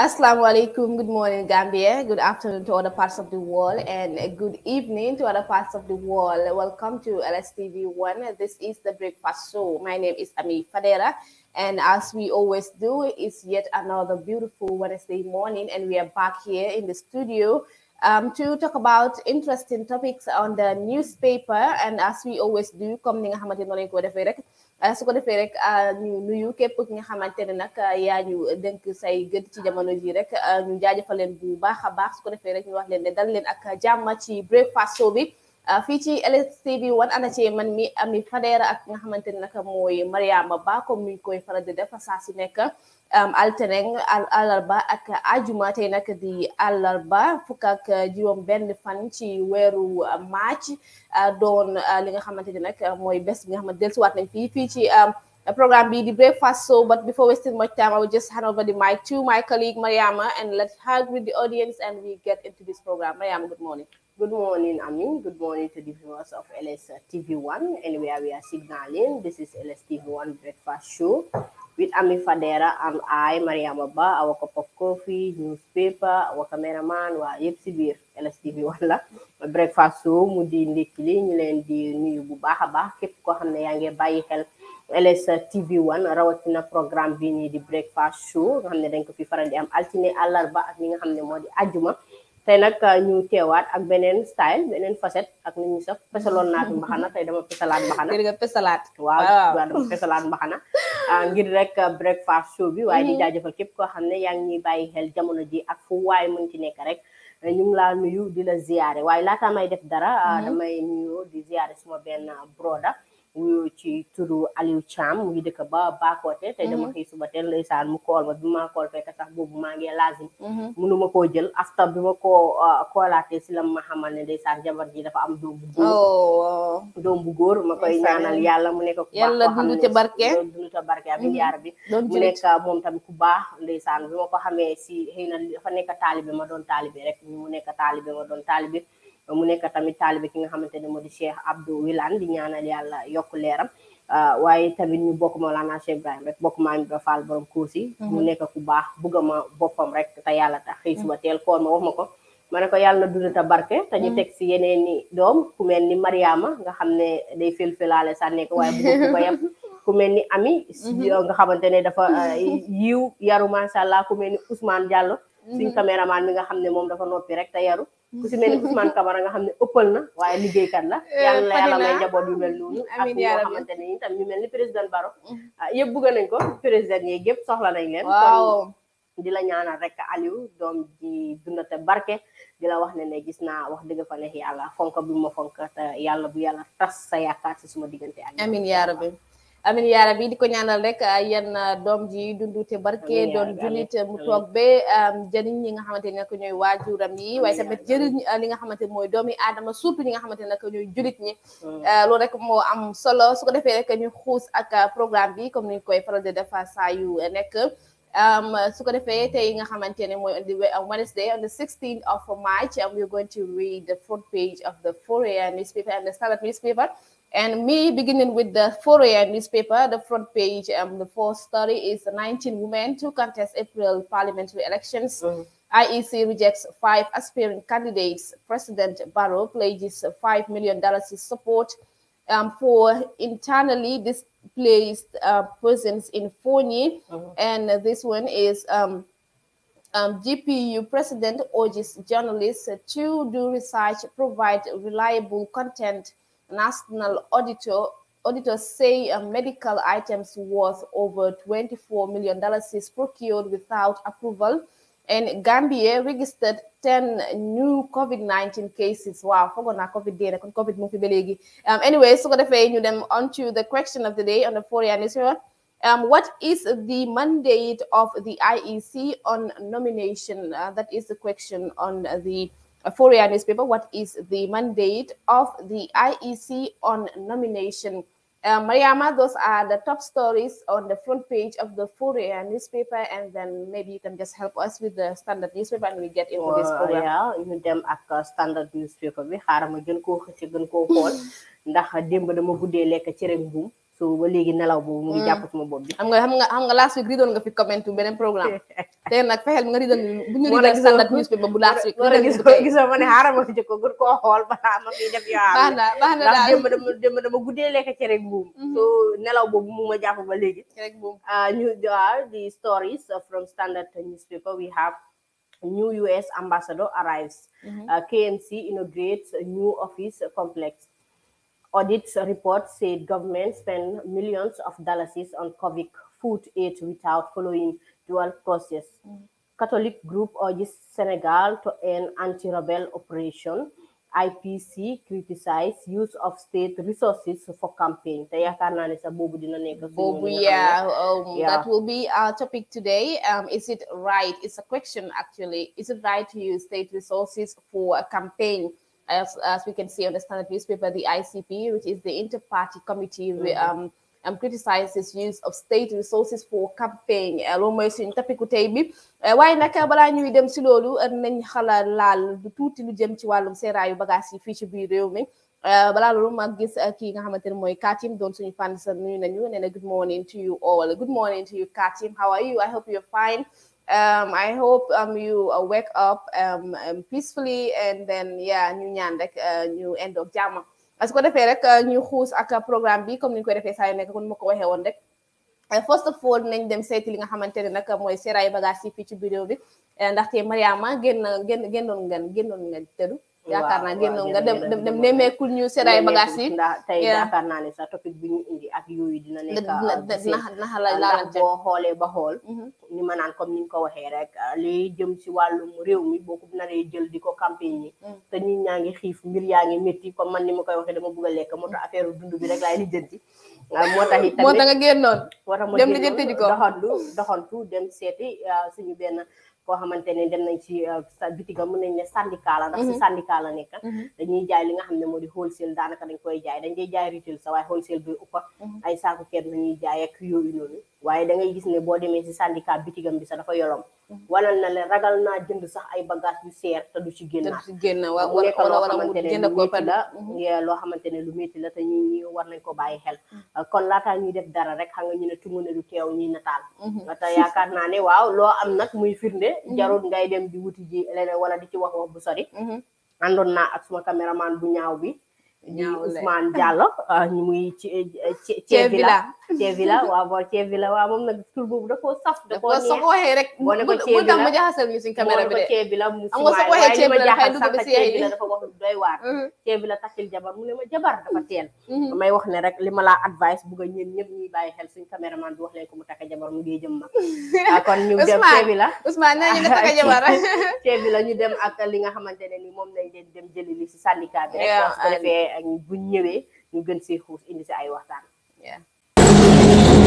Assalamu alaikum. Good morning, Gambia. Good afternoon to other parts of the world, and good evening to other parts of the world. Welcome to LSTV One. This is the breakfast show. My name is Ami Fadera, and as we always do, it's yet another beautiful Wednesday morning, and we are back here in the studio um, to talk about interesting topics on the newspaper. And as we always do, coming. su ko defee rek ñu nuyu képp ki nga xamante ne nag euh, yaa ñu dénk say gëdd ci jamono ji rek euh, ñu jaajëfal leen bu baax a baax su ko defee rek ñu wax leen ne dal leen ak jàmm ci breakfast show bi euh, fii ci LSTV wan ana ci man mi Ami Fadera ak nga xamante ne nag mooy Mariama Ba comme ni ñu koy faral di def saa su nekk. altine àllarba ak ajuma tey nag di àllarba fukk ak juróom benn fan ci weeru maac ah, doon ah, li nga xamante ni nag mooy bés bi nga xamante dellusiwaat nañ fii fii ci ah, programme bii di breakfast so but before wasting much time I will just hand over the mic to my colleague Mariama and let her greet the audience and we get into this program Mariama good morning. Good morning, Amin. Good morning to the viewers of LS TV1. Anywhere we are signaling, this is LS tv with Ami Fadera and I Mariama Ba our cup of coffee newspaper our cameraman waa yëpp si biir LSTV wala breakfast show mu di ndékki li ñu leen di nuyu bu baax a baax képp koo xam ne yaa ngi bàyyi xel LSTV one rawatina programme bi nii di breakfast show nga xam ne dañ ko fi faral di am altine àllarba ak li nga xam ne moo di ajuma te nag ah, ñu teewaat ak beneen style beneen facette ak nu ñu fesaloon naa fi mbaxana tey dama fesalaat mbaxana nga fesalaat waaw waaw ah, ngir rek ah, breakfast show bi waaye di mm-hmm. jaajëfal képp koo xam ne yaa ngi ñuy bàyyi xel jamono ji ak fu waay mën ci nekk rek ñu ngi laa nuyu di la ziyaare waaye laata may def dara mm-hmm. damay nuyo di ziyaare suma benn broda wuyoo ci turu Aliou Thiam mu ngi dëkk ba Bakoteh tey dama xëy mhm. suba teel ndeysaan mu kool ma bi ma kool fekk sax boobu maa ngi lazim mhm. mënuma koo jël afta bi ma koo euh, koolaatee si la ma xamal ne ndeysaan jabar ji dafa am doom bu góor oh, doom bu góor ma koy ñaanal yàlla mu nekk ku baax yàlla dundu te barke dundu te barke mhm. yaar bi mu nekk moom tamit ku baax ndeysaan bi ma ko xamee si xëy na dafa nekk taalibe ma doon taalibe rek mu nekk taalibe ma doon taalibe mu nekk tamit taalibe ki nga xamante ne moo di Cheikh Abdou Wilane di ñaanal yàlla yokk leeram ah, waaye tamit ñu bokk Mawlana Cheikh Ibrahim rek bokk Maam Ibra Fall borom mhm. mu nekk ku baax bëgg ma boppam rek te yàlla tax xëy suba mhm. teel koor ma wax ma ko ma ne ko yàlla na dund te ñu mhm. teg si yeneen doom ku mel ni Mariama nga xam ne day felfelaale sànne ko ku mel ni Ami nga xamante ne dafa ah, yiw yaru macha allah ku mel ni Ousmane Diallo suñ maan mi nga xam ne moom dafa noppi rek te yaru ku si mel ni Ousmane Camara nga xam ne ëppal na waaye liggéeykat la eh, yàlla na yàlla may njaboot yu mel noonu ak ñoo xamante ne itam ñu mel ni président Baro ah, yëpp bëgg nañ ko président yi yëpp soxla nañ leen waaw di la ñaanal rek Aliou doom ji dundate barke di la wax ne ne gis naa wax dëgg fa neex yàlla fonk bi ma fonk te yàlla bu yàlla tas sa yaakaar si suma diggante ak amiin amin yaa rabbi di ko ñaanal rek ah, yenn ah, doom ji dundute barke doon jullit mu toog ba jëriñ ñi nga xamante ne ñooy waajuram yi waaye tamit jëriñ ah, li nga xamante mooy doomi aadama surtout ñi nga xamante ne ñooy jullit ñi loolu rek moo am solo su ko defee rek ñu xuus ak programme bi comme niñ koy faral di def saa yu nekk su ko defee yi nga xamante ne mooy on the Wednesday on the 16th of March we're going to read the front page of the Foreign newspaper and the Standard newspaper And me beginning with the Fourier newspaper, the front page, um, the first story is 19 women to contest April parliamentary elections. Mm -hmm. IEC rejects five aspiring candidates. President Barrow pledges $5 million in support um, for internally displaced uh, persons in Foni. Mm -hmm. And this one is um, um, GPU president urges journalists to do research, provide reliable content national auditor auditors say uh, medical items worth over $24 million is procured without approval. And Gambia registered 10 new COVID-19 cases. Wow, forgot na COVID day, COVID mo fi belegi. Um, anyway, so going to you them onto the question of the day on the foreign issue. Um, what is the mandate of the IEC on nomination? Uh, that is the question on the a Fourier newspaper, what is the mandate of the IEC on nomination? Uh, Mariama, those are the top stories on the front page of the Fourier newspaper, and then maybe you can just help us with the standard newspaper and we get into this oh, program. Yeah, you dem ak standard newspaper We xaaral ma gën koo xëcc gën koo xool dama guddee lekk cere mbuum so ba léegi nelaw boobu mu ngi jàpp sama bopp bi xam nga xam nga xam nga last week ridoon nga fi comment benen programme tey nag fexeel nga ridoon bu ñu ridoon standard newspaper bu last week gis ma ne haram ma jëkko gën ko xool ba ma fi def yoo baax na baax mhm. na daal dem dama dama dama guddee lekk cere ak mbuum so nelaw boobu mu ma japp ba léegi rek ak ah ñu ah, the stories from standard newspaper we have new US ambassador arrives mhm. ah, KMC inaugurates new office complex Audit report said government spent millions of dollars on COVID food aid without following dual process. Mm Catholic group urges Senegal to end anti-rebel operation. IPC criticized use of state resources for campaign. yeah, um, yeah, that will be our topic today. Um, is it right? It's a question actually. Is it right to use state resources for a campaign? as, as we can see on the standard newspaper, the ICP, which is the Inter-Party Committee, mm -hmm. um, um, criticizes use of state resources for campaign uh, loolu mooy suñu tapiku tey bi uh, waaye nag uh, balaa ñuy dem si loolu nañ xala laal du tuuti lu jëm ci wàllum seeraayu bagage yi fii ci biir Katim doon suñu na good morning to you all good morning to you Katim how are you I hope you're fine um, I hope um, you uh, wake up um, um peacefully and then yeah ñu ñaan rek uh, ñu end of jàmm que ko defee rek uh, ñu xuus ak programme bi comme ni ñu koy defee saa yu nekk kon ma ko waxee woon rek uh, first of all nañ dem seeti li nga xamante ne nag mooy seeraay bagage yi fii ci vidéo bi ndaxte Mariama génn génn génnoon ngeen génnoon ngeen tëdu yaakaar naa génnoon nga dem dem dem nemmeekul ñu seray bagage yi ndax tey yaakaar naa ne sax topic bi ñu indi ak yooyu dina nekk dina euh, la laalante boo xoolee ba xool mm-hmm. ni ma naan comme ni nga ko waxee rek euh, lii jëm si wàllum réew mi boo ko naree jël di ko campagne yi mm. te ñi ñaa ngi xiif mbir yaa ngi métti comme man ni ma koy waxee dama bëgg a lekk moo tax affaire dund bi rek laay lijjanti euh, moo tax itamit moo tax nga génnoon moo tax ma dem lijjanti di ko doxantu doxantu dem seeti suñu benn koo xamante ne dem nañ ci euh, sa bitiga mën nañ ne syndicat la ndax si mhm. syndicat la nekk mhm. dañuy jaay li nga xam ne moo di wholesale daanaka dañ koy jaay dañ dee jaay retail sa waaye wholesale bi uppa mhm. ay saaku kenn nañuy jaay ak yooyu noonu waaye da ngay gis ne boo demee si syndicat bitigam bi sax dafa yolom wanal na la ragal naa jënd sax ay bagage yu seer te du ci génnaat mhm. mu nekk loo xamante ne lu métti la loo xamante ne lu métti la te ñu ñi war nañ ko bàyyi xel mhm. ah, kon laataa ñuy def dara rek xam nga ñu ne tunga ne du teew ñuy nataal mhm. te yaakaar naa ne waaw loo am nag muy firnde jarul ngay dem di wuti ji leneen wala di ci wax wax bu sori andoon naa ak suma caméraman bu ñaaw bi Ousmane Diallo ñu muy ci ci Thie Villa Thie Villa waaw boo Thie Villa waaw mom nag tur boobu da koo saf da koo neex soo rek boo ne ko Thie Villa mu jaxasal ñu suñ caméra bi de Thie Villa mu am nga soo ko Villa dafay dugg si Thie dafa wax doy waar Thie mm-hmm. Villa takkil jabar mu ne ma jabar dafa mm-hmm. teel damay mm-hmm. wax ne rek lima ma advice bugg a ñeen ñëpp ñuy bàyyi xel suñ caméraman bi wax leen ko mu takka jabar mu dee jëm mag kon ñu dem Thie Villa Ousmane nee ñu nga takka jabar Thie Villa ñu dem ak li nga xamante ne ni moom lañ leen dem jëli li si syndicat bi rek ya, ak buñ ñëwee ñu gën see xuus indi si ay waxtaan.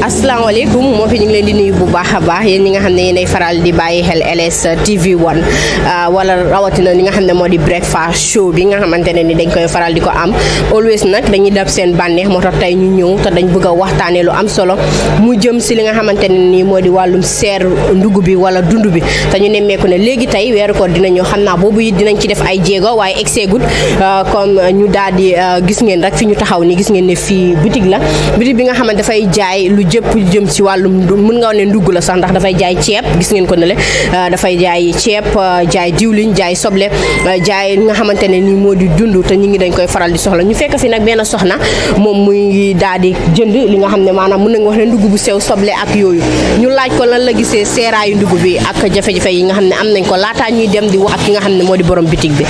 alaykum mo fi ñu ngi leen di nuyu bu baaxa baax yeen ñi nga xamne faral di bàyyi xel LS TV One ah, wala rawatina ñi nga xamne ne di breakfast show bi nga xamantene ni dañ koy faral di ko am always nak dañuy dab seen banex mo tax tay ñu ñew ta dañ bëgg waxtane lu am solo mu jëm ci li nga xamantene ni di walum ser ndugg bi wala dundu bi ta ñu nemmeeku ne legi tay weeru ko dina ñëw xam naa boobu it dinañ ci def ay jéego waaye exeegut ah, comme ñu daal di ah, gis ngeen rek fi ñu taxaw ni gis ngeen ne fi boutique la boutique bi nga xamantene fay jaay lu jëpp jëm ci wàllum mën nga wone ndugula sax ndax fay jaay ceeb gis ngeen ko nele euh, fay jaay euh, jaay diwliñ jaay soble euh, jaay nga xamantene ni modi dundu di te ñi ngi dañ koy faral di soxla ñu fekk fi nak ben soxna mom muy daadi jënd li nga xamne manam mën sew soble ak yoyu ñu laaj ko lan la gisé seeraayu ndugg bi ak jafé jafé yi nga xamne am nañ ko laata ñuy dem di wax ak ki nga xamne modi borom bitig bi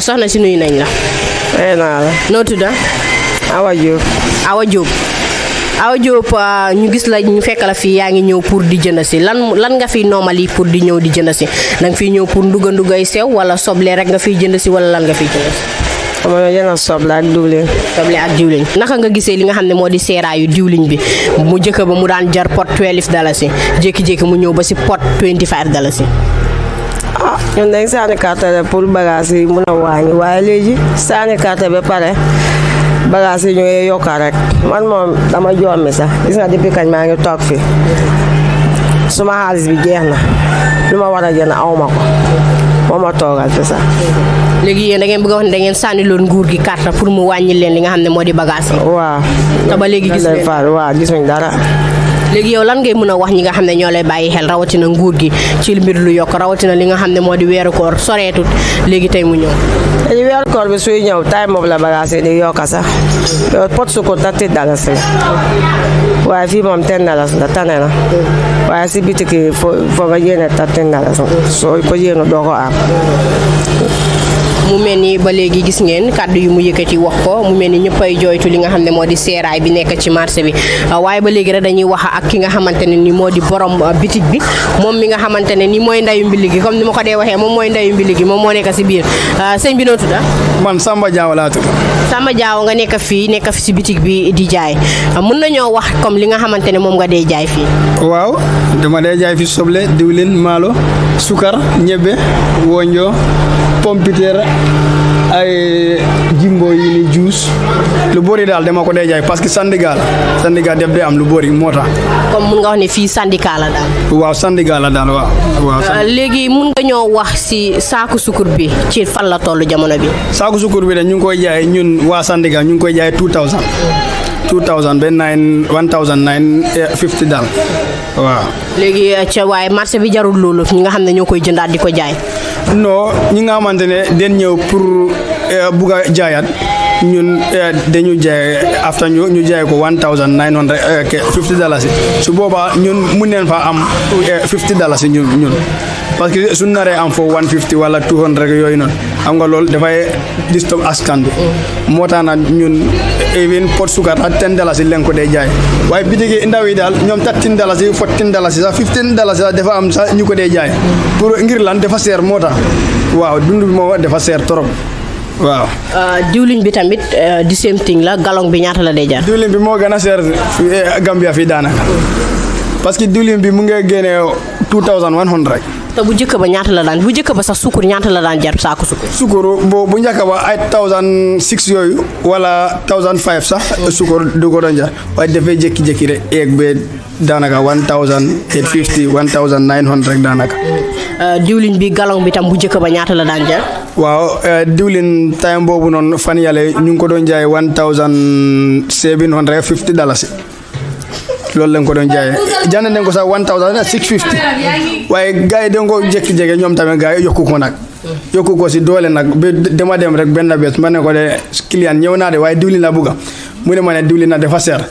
soxna ci nuyu nañ la. na la no jóob awa audio pa euh, ñu gis la ñu fekk la fi yaangi ñew pour di jënd ci lan lan nga fi normali pour di ñew di jënd ci nang fi ñew pour nduga ndugay sew wala soble rek nga fi jënd ci wala lan nga fi jënd si sama jëna soble ak diwlin soble ak diwlin naka nga gisee li nga xamne modi yu diwlin bi mu jëkke ba mu daan jar pot 12 dollars ci jekki jekki mu ñew ba ci pot 25 dalasi ah ñun dañ sani carte pour bagage yi mëna wañi waye legi sani carte be pare bagages yi ñëwee yokka rek man moom dama jommi sax gis nga depuis kañ maa ngi toog fi suma xaalis bi jeex na lu ma war a jënd aw ma ko moo ma toogal fi sax. léegi yéen da ngeen bëgg a wax ne da ngeen sànni nguur gi carte pour mu wàññi leen li nga xam ne moo di bagages yi. waaw te ba léegi gis ngeen waaw gisuñ dara. léegi yow lan ngay mën a wax ñi nga xam ne ñoo lay bàyyi xel rawatina nguur gi ci mbir lu yokk rawatina li nga xam ne moo di weeru koor soreetut léegi tey mu ñëw léegi weeru koor bi suy ñëw time boobu la bagaas yi di yokka sax yow pot sukkur tatti dalas la waaye fii moom ten dalas la tane na waaye si bitiki fo nga yéene tatti dalas soo ko yéenu doo ko am mu melni ba legi gis ngeen kaddu yu mu yëkëti wax ko mu melni ñëppay joytu li nga xamne modi bi nekk ci marché bi uh, waye ba legi rek dañuy wax ak ki nga xamantene ni modi di borom uh, boutique bi mom mi nga xamantene ni moy ndayu mbili gi comme nima ko dee waxee mom moy ndayu mbili gi nekk ci biir uh, señ bi no tudda man samba jaaw la samba jaaw nga nekk fi nekk fi ci boutique bi di jaay mën nañu wax comme li nga xamantene mom nga jaay fi waaw dama jaay fi soble diwlin malo sukar ñebbe wonjo pompiter ay jimbo yi ni juice lu bori dal dama ko day parce que sandigal sandigal def day am lu bori motax comme mun nga wax ni fi sandigal la dal waaw sandigal la dal waaw waaw legi euh, mun nga ñoo wax ci saaku sukur bi ci fan la tollu jamono bi saaku sukur bi da ñu koy jaay ñun wa sandigal ñu koy jaay 2000 2000 ben 9 1950 dal waaw legi euh, ci way marché bi jarul lolu ñi nga xamne ñokoy jëndat diko jaay non ñi nga xamante ne den ñëw pour eh, bugg a jaayaat ñun eh, dañu jaay after ñu ñu jaay ko one thousand nine hundred eh, fifty dallasi su boobaa ñun mun neen fa am fifty dallasi ñun ñun parce que su naré am fo 150 wala 200 rek yoy non am nga da fay disturb askan bi motana ñun even pot sukar ak 10 dollars len ko day jaay bi dige ndaw yi daal ñoom thirteen dollars fourteen dollars 15 fifteen dalasi sax dafa am sa ñu ko day jaay pour ngir lan da fa ser motax waaw dund bi da fa ser torop waaw euh, diwlin bi tamit euh, di same thing la galong bi ñaata la day jaay diwlin bi mo gëna a eh, gambia fi daanaka parce que diwlin bi mu ngi gëné 2100 te bu njëkk ba ñaata la daan bu njëkk ba sax sukkur ñaata la daan jar saako sukkur. sukkur boo bu njëkk ba ay thousand six yooyu wala thousand five sax. sukkur du ko doon jar waaye dafay jékki-jékki rek eeg be daanaka one thousand eight euh, bi galon bi tam bu njëkk ba ñaata la daan jar. waaw euh, diwlin time boobu noonu fan yàlla ñu ngi ko doon jaay one thousand seven hundred fifty dalasi. loolu lañ ko doon jaayee jënd nañ ko sax one thousand six fifty waaye gars yi dañ ko ñoom tamit gaa yi yokku ko nag yokku ko si doole nag ba dama dem rek benn bés ma ne ko de client ñëw naa de waaye diwlin la bugga mu ne ma ne diwlin na dafa seer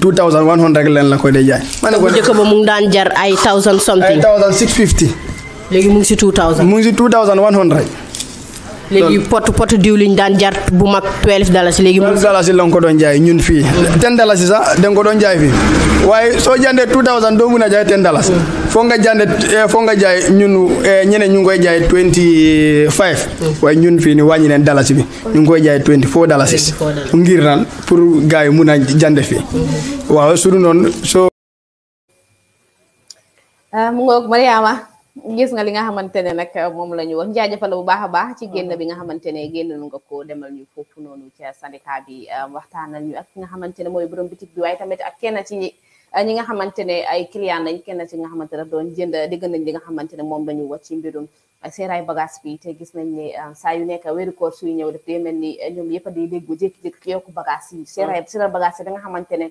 two thousand one hundred leen la ko dee jaay ma ne ko njëkk ba mu ngi daan jar ay thousand something ay thousand six fifty léegi si two si legi pot pot liñ daan jart bu mag 12 dalasi legi 12 dalasi lañ ko doon jaay ñun fi 10 dalasi sax dañ ko doon jaay fi waye so jande 2000 do mën jaay 10 dalasi fo nga jande eh, fo nga jaay ñun eh, ñene ñu ngoy jaay 25 waye ñun fi ni wañi len dalasi bi ñu ngoy jaay 24 dalasi ngir nan pour gaay mën a jande fi mm-hmm. waaw suru non so euh, mu mariama gis nga li nga xamante ne nag moom la ñu wax jaajëfal bu baax a baax ci génn bi nga xamante ne génn nga ko demal ñu foofu noonu ci syndicat bi waxtaanal ñu ak ki nga xamante ne mooy borom bi waaye tamit ak kenn ci ñi nga xamante ne ay client lañ kenn ci nga ne doon jënd dégg nañ li nga xamante ne moom la ñu wax ci te gis nañ ne saa yu nekk wéeru koor suy ñëw def day ni ñoom yëpp a day dégg jékki-jékki yokku bagage yi seeraay seeraay bagage yi da nga xamante ne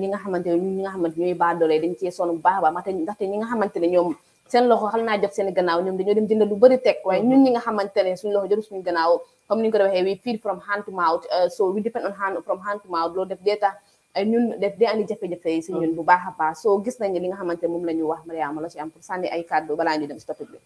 ñi nga xamante ne ñun ñi nga xamante ñooy baadoole dañ cee a baax ndaxte ñi nga xamante ne ñoom seen loxo xam naa jot seen gannaaw ñoom dañoo dem jënd lu bëri teg waaye ñun ñi nga xamante ne suñu loxo jotul suñu gannaaw comme ni ñu ko doon waxee we feed from hand to uh, so we depend on hand from hand to dee tax ñun def dee andi jafe-jafe yi bu baax a baax soo gis nañu li nga xamante moom la ñu wax Mariama la ci am pour sànni ay kàddu balaa ñu dem si topic bi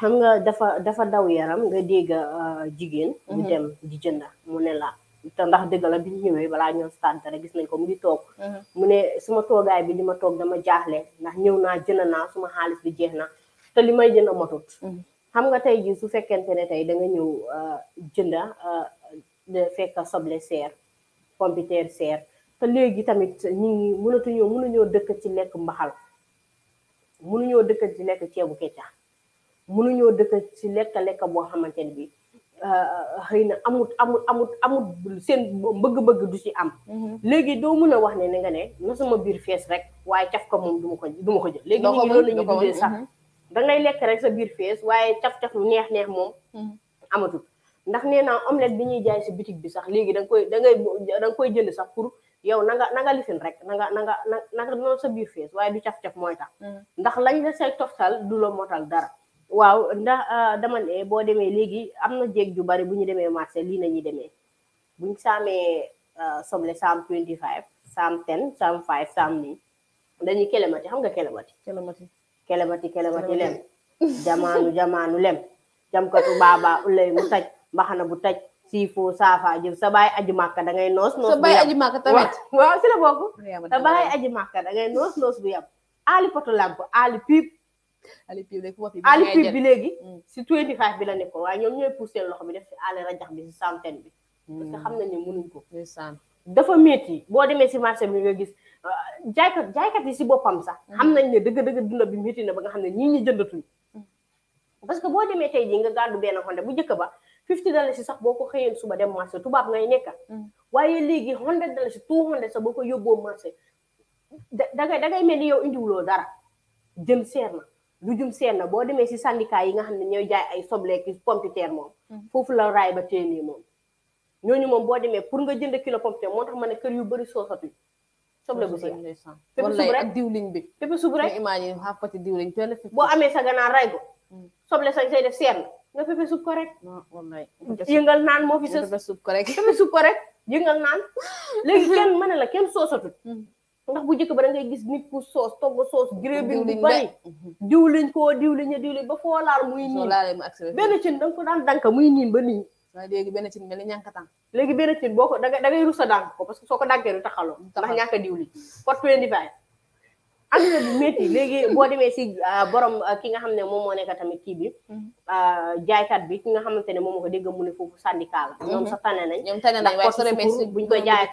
xam nga dafa dafa daw yaram nga dégg uh, jigéen. ñu mhm. dem di jënd mu ne la. te ndax dëgg la bi ñu ñëwee balaa ñoo stade dara gis nañ ko mu ngi toog mhm. mu ne suma toogaay bi li ma toog dama jaaxle ndax ñëw naa jënd naa suma xaalis bi jeex na te li may jënd matut mhm. xam nga tey jii su fekkente ne tey da nga ñëw euh, jënda euh, de fekk soble seer pompiteer seer te léegi tamit ñu ngi mënatuñoo ñëw dëkk ci lekk mbaxal mënuñoo dëkk ci lekk ceebu kecca mënuñoo dëkk ci lekk lekk boo xamante bi Euh, xëy na amut amut amut amut seen bëgg-bëgg du ci am. Mhm. léegi doo mën a wax ne nga ne na sama biir fees rek waaye caf ko moom du ma ko du ma ko léegi nit ñi loolu la ñuy dundee sax mhm. da ngay lekk rek sa biir fees waaye caf-caf lu neex neex moom. Mhm. amatul ndax nee naa omelette bi ñuy jaay si boutique bi sax léegi da nga koy da ngay da nga koy jënd sax pour yow na nga na nga lifin rek na nga na nga na nga sa biir fees waaye du caf-caf mooy tax. ndax lañ la say toftal du la motal dara. waaw ndax ah, dama ne boo demee léegi am na jéeg ju bari bu ñu demee marché lii na ñuy demee bu ñu saamee ah, soble saam 25 saam 10 saam 5 saam nii dañuy kelemati xam nga kelemati. kelemati kelemati kelemati lem. jamaanu jamaanu lem. jamkatu baaba ulay mu taj mbaxana bu taj siifoo saafa jëf sa baay aji màkka da ngay noos noos. bu yab sa aji màkka si la bokk. sa baay aji màkka da ngay noos noos bu yab. aali poto lamp alipi bi bi léegi mm. si 25 bi la nekkoon waaye ñoom ñooy poussé loxo bi def si àll rajax bi si centaine bi parce que mm. xam nañ ne mënuñ ko dafa métti boo demee si marché bi gis euh, jaaykat jaaykat yi si boppam sax mm. xam nañ ne dëgg-dëgg dunda bi métti na ba nga xam ne ñii ñi jëndatuñ parce que boo demee tey jii nga gàddu benn Honda bu njëkk ba fifty dollars si sax boo ko xëyeen suba dem marché tubaab ngay nekka waaye léegi hundred dollars si two hundred sax boo ko yóbboo marché da dangay da ngay mel ni yow indiwuloo dara jën seer na lu jum seen na boo demee si syndicat yi nga xam ne ñooy jaay ay soble ki pompiteer moom mm-hmm. foofu la raay ba téye nii moom ñooñu moom boo demee pour nga jënd kilo pompiteer moo tax ma ne kër yu bëri soosatu soble bu seer pépp subu rek diwliñ bi pépp subu rek imagine xaaf pati diwliñ boo amee sa ganaar ray ko mm. soble sañ say def seer na nga pepe suub ko rek yëngal naan moo fi sa pepe ko rek yëngal naan léegi kenn mën na la kenn soosatut mm. ndax bu njëkk ba da ngay gis nit ku soos togg soos grébin bu bari mhm. diwliñ koo a diwliñ ba foo laal muy niin benn cin da nga ko daan danka muy niin ba niin waaye léegi benn cin mel ni ñànkatan léegi benn cin boo ko da ngay da ngay rusa ko parce que soo ko dànkee du taxaloo ndax ñàkk diwliñ for twenty a bi métti léegi boo demee si euh, borom euh, ki nga xam ne moom moo nekk tamit kii bi mm-hmm. euh, jaaykat bi ki nga xamante ne moom moo ko dégg mu ne foofu syndicat la mm-hmm. ñoom sax tane nañ ñoom tane nañ waaye soo demee si buñ koy jaayee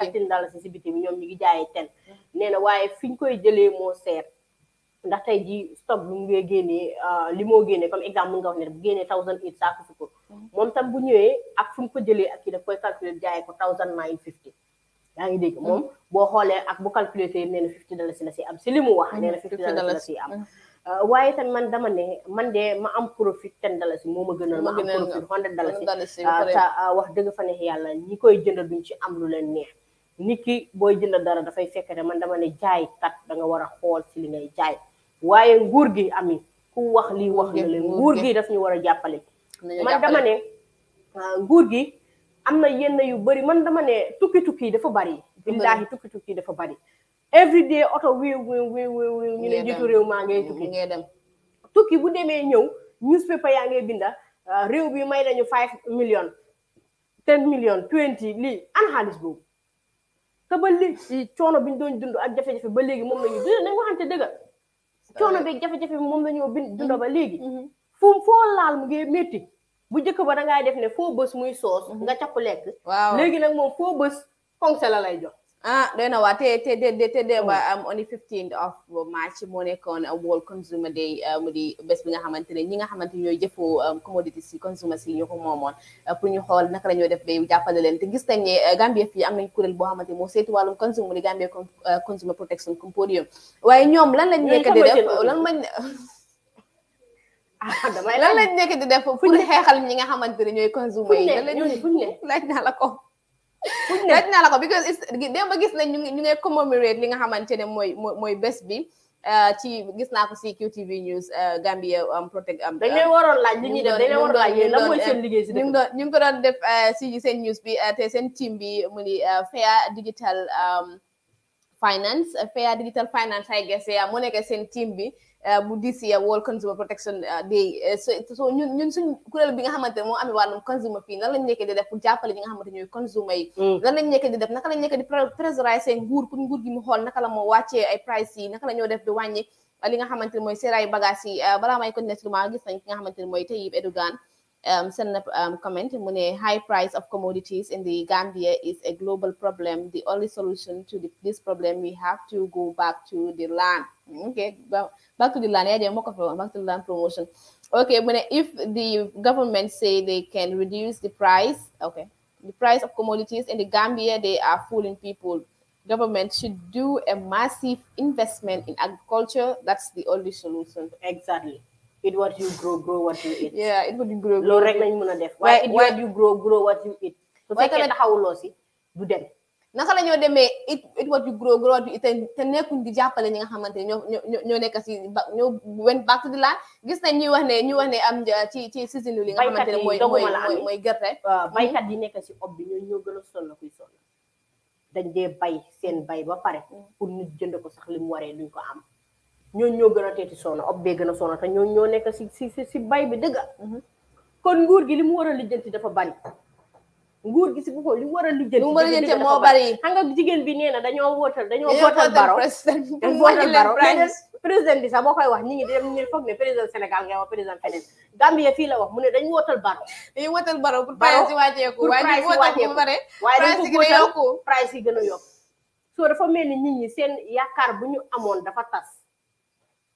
si si biti bi ñoom ñu ngi jaayee ten mm-hmm. nee na waaye fiñ koy jëlee moo seer ndax jii stock bi mu ngi génnee li moo génnee comme exemple mun nga wax ne bu génnee thousand eight saaku si ko moom tam bu ñëwee ak fu mu ko jëlee ak kii daf koy calculer jaayee ko thousand nine fifty yaa ngi dégg moom mhm. boo xoolee ak bu calculé tey nee na fifty dalasi la si am si li mu wax mhm. nee na fifty dalasi la si am mhm. euh, waaye tamit man dama ne man de ma am profit ten dalasi moo ma gënal ma am profit hundred dalasi ta euh, euh, wax dëgg fa neex yàlla ñi koy jënd duñ ci am lu leen neex nit ki booy jënd dara dafay fekk ne man dama ne jaay kat da nga war a xool ci li ngay jaay waaye nguur gi ami ku wax lii wax na leen nguur gi daf ñu war a jàppale man dama ne nguur gi am na yenn yu bëri man dama ne tukki tukki dafa bari billaahi tukki tukki yi dafa bari every day oto wiiw wiiw wiiw wiiw ñu ne réew maa ngay tukki ngay dem tukki bu demee ñëw newspaper yaa ngay binda ah, réew bi may na ñu five million ten million twenty lii an xaalis boobu te ba li si coono bi ñu doon dund ak jafe-jafe ba léegi moom la ñu dund nañ waxante dëgg coono bi jafe-jafe bi moom la ñu bind dund mm-hmm. ba léegi mm-hmm. fu foo laal mu ngi métti bu njëkk ba da def ne foo bës muy soos mhm. nga capp lekk. waaw léegi nag moom foo bës kongse la lay jox. ah doy na waa te te de te de ba am on the 15th of March moo nekkoon uh, World Consumer Day uh, mu di bés bi nga xamante ne ñi nga xamante ñooy jëfoo um, commodities si consumer si ñoo ko moomoon uh, pour ñu xool naka la def ba jàppale leen te gis nañ ne Gambia am nañ kuréel boo xamante moo saytu wàllum consumer mu di Gambia Consumer Protection Compodium waaye ñoom lan lañ nekk di def lan mañ ah damay lan lañ nekk di def pour xeexal ñi nga xamante ne ñooy consommé yi. laaj naa la ko. laaj naa la ko because démb gis nañ ñu ngi ñu ngi commemorate li nga xamante ne mooy mooy bés bi uh, ci gis naa ko si QTV News uh, Gambia um, protect am. Um, uh, dañ leen waroon laaj li ñuy def dañ leen waroon laaj lan mooy seen liggéey si. ñu ngi doon ñu ngi ko doon def si seen news bi te seen team bi mu ni Fair Digital um, Finance Fair Digital Finance I guess mu nekk seen team bi. Euh, bu DC euh, World Consumer Protection euh, Day so ñun ñun suñ kuréel bi nga xamante ne moo amee wàllum consumer fii nan lañ nekkee di def pour jàppale ñi nga xamante ñooy consumer yi mm. nan lañ nekkee di def naka lañ nekkee di pressuriser nguur pour nguur gi mu xool naka la moo wàccee ay price yi naka la ñoo def di wàññi li nga xamante ne mooy seeraay bagage yi balaa may ko nekk lu ma gis nañ ki nga xamante ne mooy um, send up um, comment mune high price of commodities in the gambia is a global problem the only solution to the, this problem we have to go back to the land okay back to the land don't back to the land promotion okay mune if the government say they can reduce the price okay the price of commodities in the gambia they are fooling people government should do a massive investment in agriculture that's the only solution exactly eat what you grow grow what you eat. yeah eat what you grow loolu rek lañ mën a def. waaye eat what you grow grow what you eat. su fekkee taxawuloo si du dem. naka la ñoo demee it it what you grow grow what you eat te nekkuñ di jàppale ñi nga xamante ne ñoo ñoo ñoo nekk si ba ñoo went back to the land gis nañ ñuy wax ne ñuy wax ne am ci ci saison li nga xamante ne mooy mooy mooy gerte. Mm-hmm. baykat yi nekk si ob bi ñoo ñoo gën a sonn kuy sonn dañ dee bay seen bay ba pare mm-hmm. pour ñu jënd ko sax li mu waree duñ ko am. ñoo ñoo gëna a teeti soona ob bee gën a soona ñoo nekk ci ci ci bay bi dëgga mhm. kon nguur gi limu wara lijeenti dafa bari nguur gi ci bu ko li wara lijeenti limu wara lijeenti mo bari xam nga jigen bi nee dañoo wotal dañoo wotal baro dañ baro président bi sa boo koy wax ñi ngi dem ñi foog ne président Sénégal nga wax président feneen Gambia fi la wax mu ne dañ wotal baro dañ wotal baro pour price ci wajé ko wajé wóotal bu bare waaye dañ ko yokku price yi gëna yokku so dafa melni ñi ñi seen yaakaar bu ñu amone dafa tass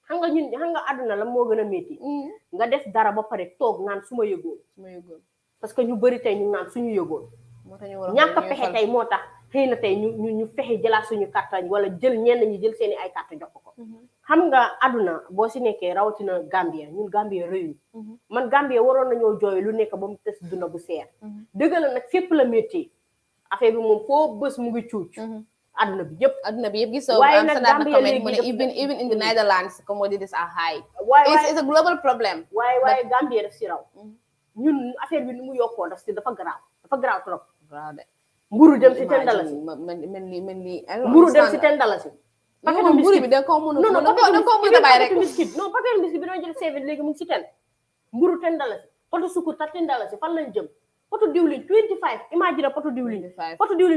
xam nga ñun xam nga àdduna la moo gën a métti mm. nga def dara ba pare toog naan su ma yëgoon su ma yëgoon parce que ñu bëri tey ñu naan suñu yëgoon ñàkk a pexe tey moo tax xëy na tey ñu ñu ñu fexe jëlaat suñu carte wala jël ñenn ñi jël seeni ay carte jox ko mm-hmm. xam nga àdduna boo si nekkee rawatina Gambia ñun Gambia réyu mm-hmm. man Gambia waroon nañoo jooy lu nekk ba mu tës duna bu seer mm-hmm. dëgg na nag fépp la métti affaire bi moom foo bés mu ngi cuuc àdduna bi yëpp àdduna bi yëpp gis waaye nag Gambia a even even mm. a global problem waaye waaye si raw mm. ñun bi ni mu yokkoo daf si dafa garaaw dafa garaaw trop mburu dem si ten dalasi mel ni mel ni mburu dem si ten dalasi paquet mburu bi da koo mën non non da a bàyyi rek non paquet biscuit bi dañoo jël seven léegi mu ngi si ten dalasi pot sucre ta ten dalasi fan lañ jëm potu diwlin 25 imagine potu diwlin.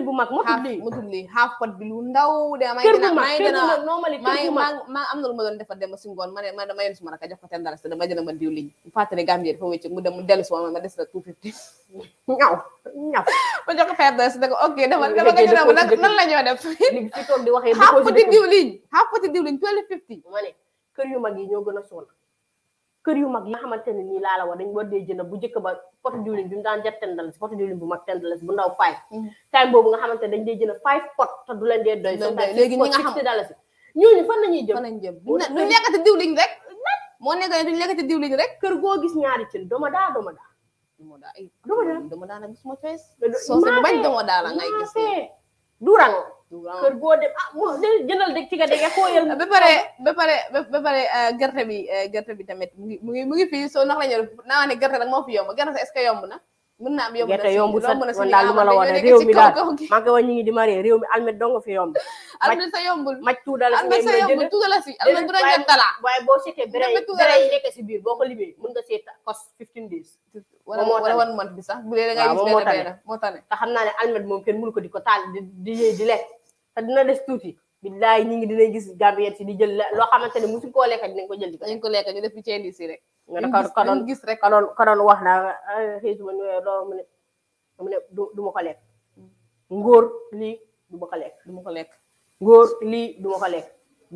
bu mag motul lii. half pot bi lu ndaw. de kër bu mag kër bu mag normally kër bu mag ma am na lu ma doon defar dem si ngoon ma ne ma diwlin bu fàttali Gambie dafa wécc mu mu dellu ma ma des na 250. ñaw ñaw ma jox ko five dara ok dama dama ko jënd def. half pot diwlin half pot ma ne kër yu mag yi ñoo gën a sonn. kër yu mag yi nga xamante ne nii laa la wax dañ war dee jënd bu njëkk ba potu diwlin bi mu daan jar tendal si potu diwlin bu mag tendal bu ndaw five mm. time boobu nga xamante dañ dee jënd five pot te du leen dee doy léegi ñi nga xam dalasi ñooñu fan la ñuy jëm fan lañ jëm duñ lekkati diwlin rek moo nekk duñ lekkati diwlin rek kër goo gis ñaari cin doma daa doma daa doma daa doma daa nag gisuma coes soose bu bañ doma daa la ngay gis duurang kër goo ah, ba pare ba pare ba pare euh, gerte bi euh, gerte bi tamit mu ngi mu ngi mu ngi fii soo nax la ñor naa ne gerte nag moo fi yomb gerte est yombul maj boo seetee boo ko limee mën nga seet kos 15 days naa ne di ko taal di di lekk te dina des tuuti billaay ñu ngi dinañ gis gambien si di jël loo xamante ne musuñ koo lekk dinañ ko jël di ko dañ ko lekk ñu def ci ceeb si rek kanoon gis rek kanoon kanoon wax naa xiisuma ñu loolu mu ne mu ne du ma ko lekk ngóor lii du ma ko lekk du ma ko lekk ngóor lii du ma ko lekk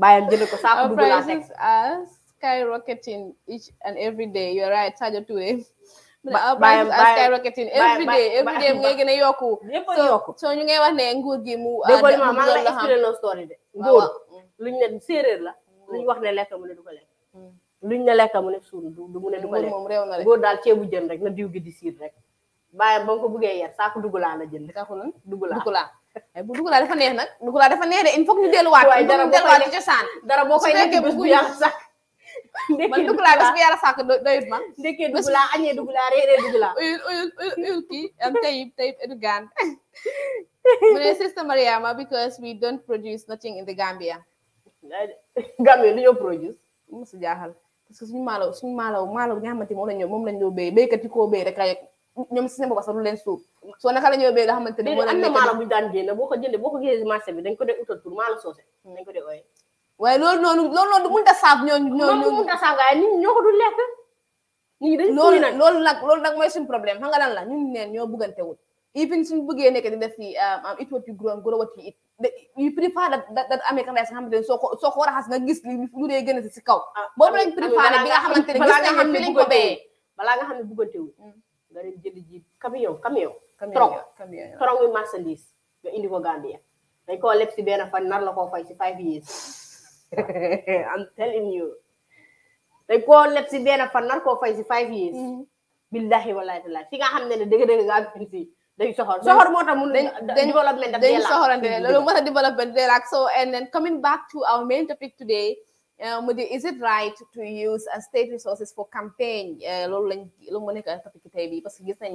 bàyyam jënd ko saako dugg laa teg prices are skyrocketing each and every day you're right Sadio Touré bàyyam bàyyam rocketing every day every day mu ngay gën a yokku. yëpp a yokku soo ñu ngay wax ne nguur gi mu. déggoo ma ah, maa ngi lay expliqué loo story de. góor mm. luñ ne séeréer la. Mm. luñ wax ne lekk mu ne du ko lekk. Mm. luñ ne lekk mu ne suur du mu ne du ko lekk. moom réew na rek góor daal ceebu jën rek na diw gi di siir rek. bàyyam ba nga ko buggee yar saako dugulaa la jënd. saako lan dugulaa dugulaa. Eh, bu dugulaa dafa neex nag dugulaa dafa neex de il faut que ñu delluwaat. waaye dara boo koy nekk dara boo koy nekk bés bu yàlla sax man dugg laa bés bu yàlla sàkk doyut ma ndekkee dugg laa añee dugg laa reeree dugg laa uyul uyul uyul kii am tayib tayib mu ne kan. sister ya, Mariama because we don't produce nothing in the Gambia eh, Gambia lu ñoo produce mu si jaaxal parce que suñu maalaw suñu maalaw maalaw nga xamante moom lañu moom lañu béy béykat yi koo béy rek rek ñoom si seen bopp sax du leen suuf soo naka la ñoo béy nga xamante ne am na maalaw bu daan génn boo ko jëndee boo ko marché bi dañ ko dee utal soose dañ ko dee ooyee waaye loolu loolu noonu du mënut a saaf ñooñu. ñooñu loolu mënut a saaf waaye nit ñoo loolu nag loolu nag mooy suñu problème xam nga lan la ñun neen ñoo bëggante wut. even suñu bëggee nekk di def si ah, it what you grow grow what you eat you prefer that that American rice nga xamante soo ko soo ko raxas nga gis li lu dee gën a si kaw. boobu lañ préféré bi nga xamante ne gis nga xam fi lañ ko béyee. balaa nga xam ne bëggante wut. Mm. nga dem jënd ji camion nga indi ko Gambia dañ koo leb si benn fan nar la ko fay si five years I'm telling you. They go left si benn fan nar koo five years. Mm. billahi wallahi tallahi fi nga xam ne ne dëgg-dëgg nga am fii dañ soxor soxor moo tax mun development daf development day so and then coming back to our main topic today um, is it right to use uh, state resources for campaign uh, loolu lañ loolu a nekk topic tey bi parce que gis nañ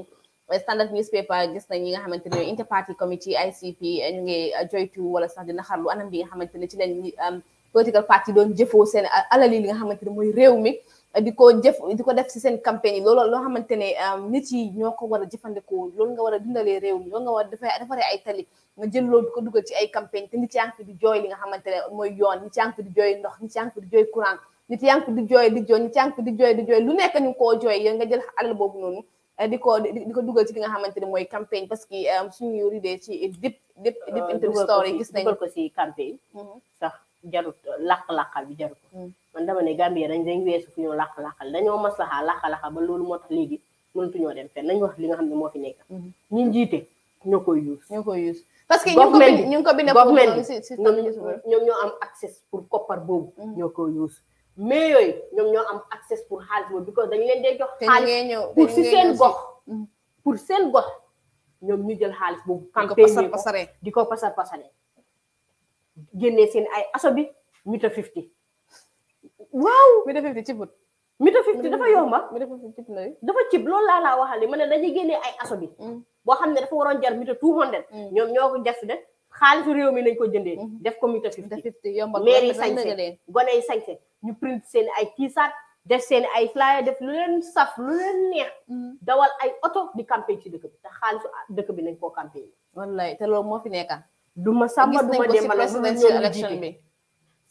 standard newspaper gis nañ ñi nga xamante inter-party committee ICP ñu ngi joytu wala sax di naxarlu anam bi nga xamante ne ci leen political party doon jëfoo seen alali li nga xamante ne mooy réew mi di ko di ko def si seen campagne yi loolu loo xamante ne nit yi ñoo ko war a jëfandikoo loolu nga war a dundalee réew mi loolu nga war a defaree ay tali nga jël loolu di ko dugal ci ay campagne te nit yaa di jooy li nga xamante ne mooy yoon nit yaa ngi fi di jooy ndox nit yaa ngi fi di jooy di jooy di jooy nit di jooy di jooy lu nekk ñu koo jooy yow nga jël alal boobu noonu eh, di ko di ko dugal ci i nga xamante ne mooy campagne parce que suñu ridee ci dip dip dip euh, into story gis nañu ko ci campagne mm-hmm. sax jarut làq-làqal bi jarut ko mm. man dama ne Gambie dañ dañ weesu fu ñoo làq-làqal dañoo maslaxa làq-làqal ba loolu moo tax léegi mënatuñoo dem fenn nañ wax li nga xam ne moo fi nekk mm-hmm. ñi jiite ñoo koy use ñoo koy use parce que ñu ngi ko bind ñoom ñoo am access pour koppar boobu mm-hmm. ñoo koy use mais yooyu ñoom ñoo am access pour xaalis boobu because dañ leen dee jox xaalis pour si seen gox mm-hmm. pour seen gox ñoom ñu jël xaalis boobu campagne di ko pasar pasare génnee seen ay aso bi mita fifty waaw mita fifty cibut mita fifty dafa yomba ah. mita fifty cib na dafa cib loolu laa laa waxale ma ne dañuy génne ay aso bi mm. boo xam ne dafa waroon jar mita two hundred mm. ñoom ñoo ko jas de xaalisu réew mi nañ ko jëndee mm-hmm. def ko mita fifty yomba yi sañse gone yi sañse ñu print seen ay tiisaat def seen ay flyer def lu leen saf lu leen neex mm. dawal ay oto di campagne ci dëkk bi te xaalisu dëkk bi nañ koo campagne wallaay te loolu moo fi nekka sàmba dem bi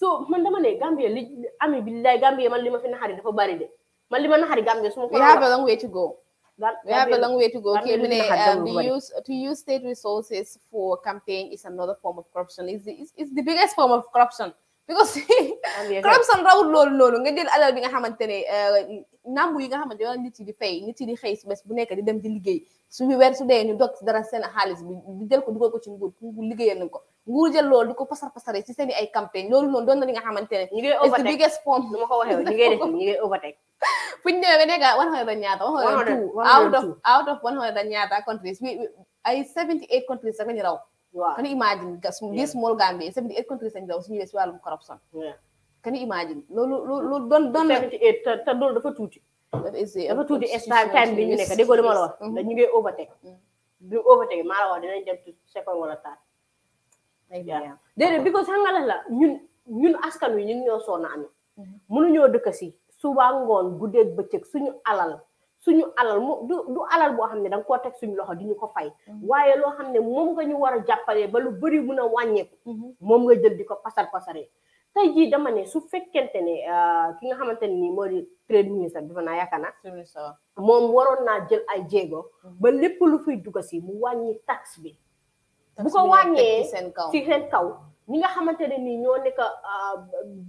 so man dama ne Gambia li ami billahi Gambia man dafa bari de man Gambia ko we have a long way to go we have a long way to go okay mune um, the use to use state resources for campaign is another form of corruption it's the, it's, it's the biggest form of corruption because sa rawul loolu loolu nga jël alal bi nga xamante ne euh, nambu yi nga xamante ne nit yi di fay nit xëy su bés bu nekk di dem di liggéey su weer su dee ñu xaalis bi di jël ko dugal ko ci nguur nguur liggéeyal nañ ko nguur jël loolu di ko pasar pasare ci seen i ay campagne loolu noonu doon na li nga xamante ne ñu ngi overtake biggest point lu ma ko waxee ñu ngi def ñu ngi overtake fu two out of out of one hundred countries ay seventy eight countries sax ñu raw can you imagine this small Gambia 78 countries and daw suñu wee si wàllum corruption can you imagine loolu loolu doon doon la te loolu dafa tuuti dafa tuuti instant time bi ñu nekk déggoo li ma la wax mm-hmm. dañu ngi overtake bi mm-hmm. overtake maa la wax dinañ dem second wala taat déedéet bi xam nga la la ñun askan wi ñun ñoo soona amee mm-hmm. mënuñoo dëkk si suba ngoon guddeeg su ñu alal suñu alal mu du alal boo xam ne danga nga koo teg suñu loxo di ñu ko fay mm-hmm. waaye loo xam ne moom nga ñu war a jàppalee ba lu bëri mun a wàññeeku mm-hmm. moom nga jël di ko pasar pasaree tey yi dama ne su fekkente ne euh, ki nga xamante ne nii moo di trade ministre dafa naa yaakaar naa moom waroon naa jël ay jéego mm-hmm. ba lépp lu fiy dugg si mu wàññi tax bi bu ko wàññee si seen kaw ñi nga xamante ne nii ñoo nekk ah,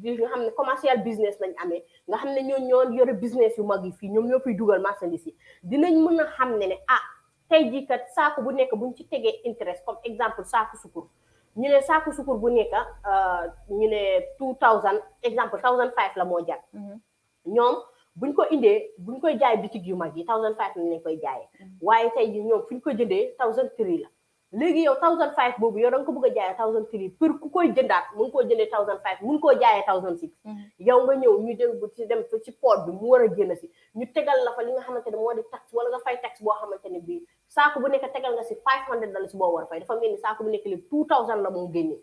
nga xam ne commercial business lañ amee nga xam ne ñoo ñoo yore business yu mag yi fii ñoom ñoo fiy dugal marchandise yi dinañ mën a xam ne ne ah tey jii kat saako bu nekk buñ ci tegee interest comme exemple saako sukur ñu ne saako sukur bu nekk ah, ñu ne two thousand exemple thousand five la moo jar mm-hmm. ñoom buñ ko indee buñ koy jaay bitig yu mag yi thousand five lañ koy jaayee mm-hmm. waaye tey jii ñoom fu ñu ko jëndee thousand three la léegi yow thousand five boobu yow da nga ko bëgg a jaayee thousand three pour ku koy jëndaat mun koo jëndee thousand five mun koo jaayee thousand six mhm. yow nga ñëw ñu dem bu ci ci port bi mu war a génn si ñu tegal la fa li nga xamante ne moo di tax wala nga fay tax boo xamante ne bii saako bu nekk tegal nga si five hundred dollars boo war a fay dafa mel ni saako bu nekk li two thousand la moom génnee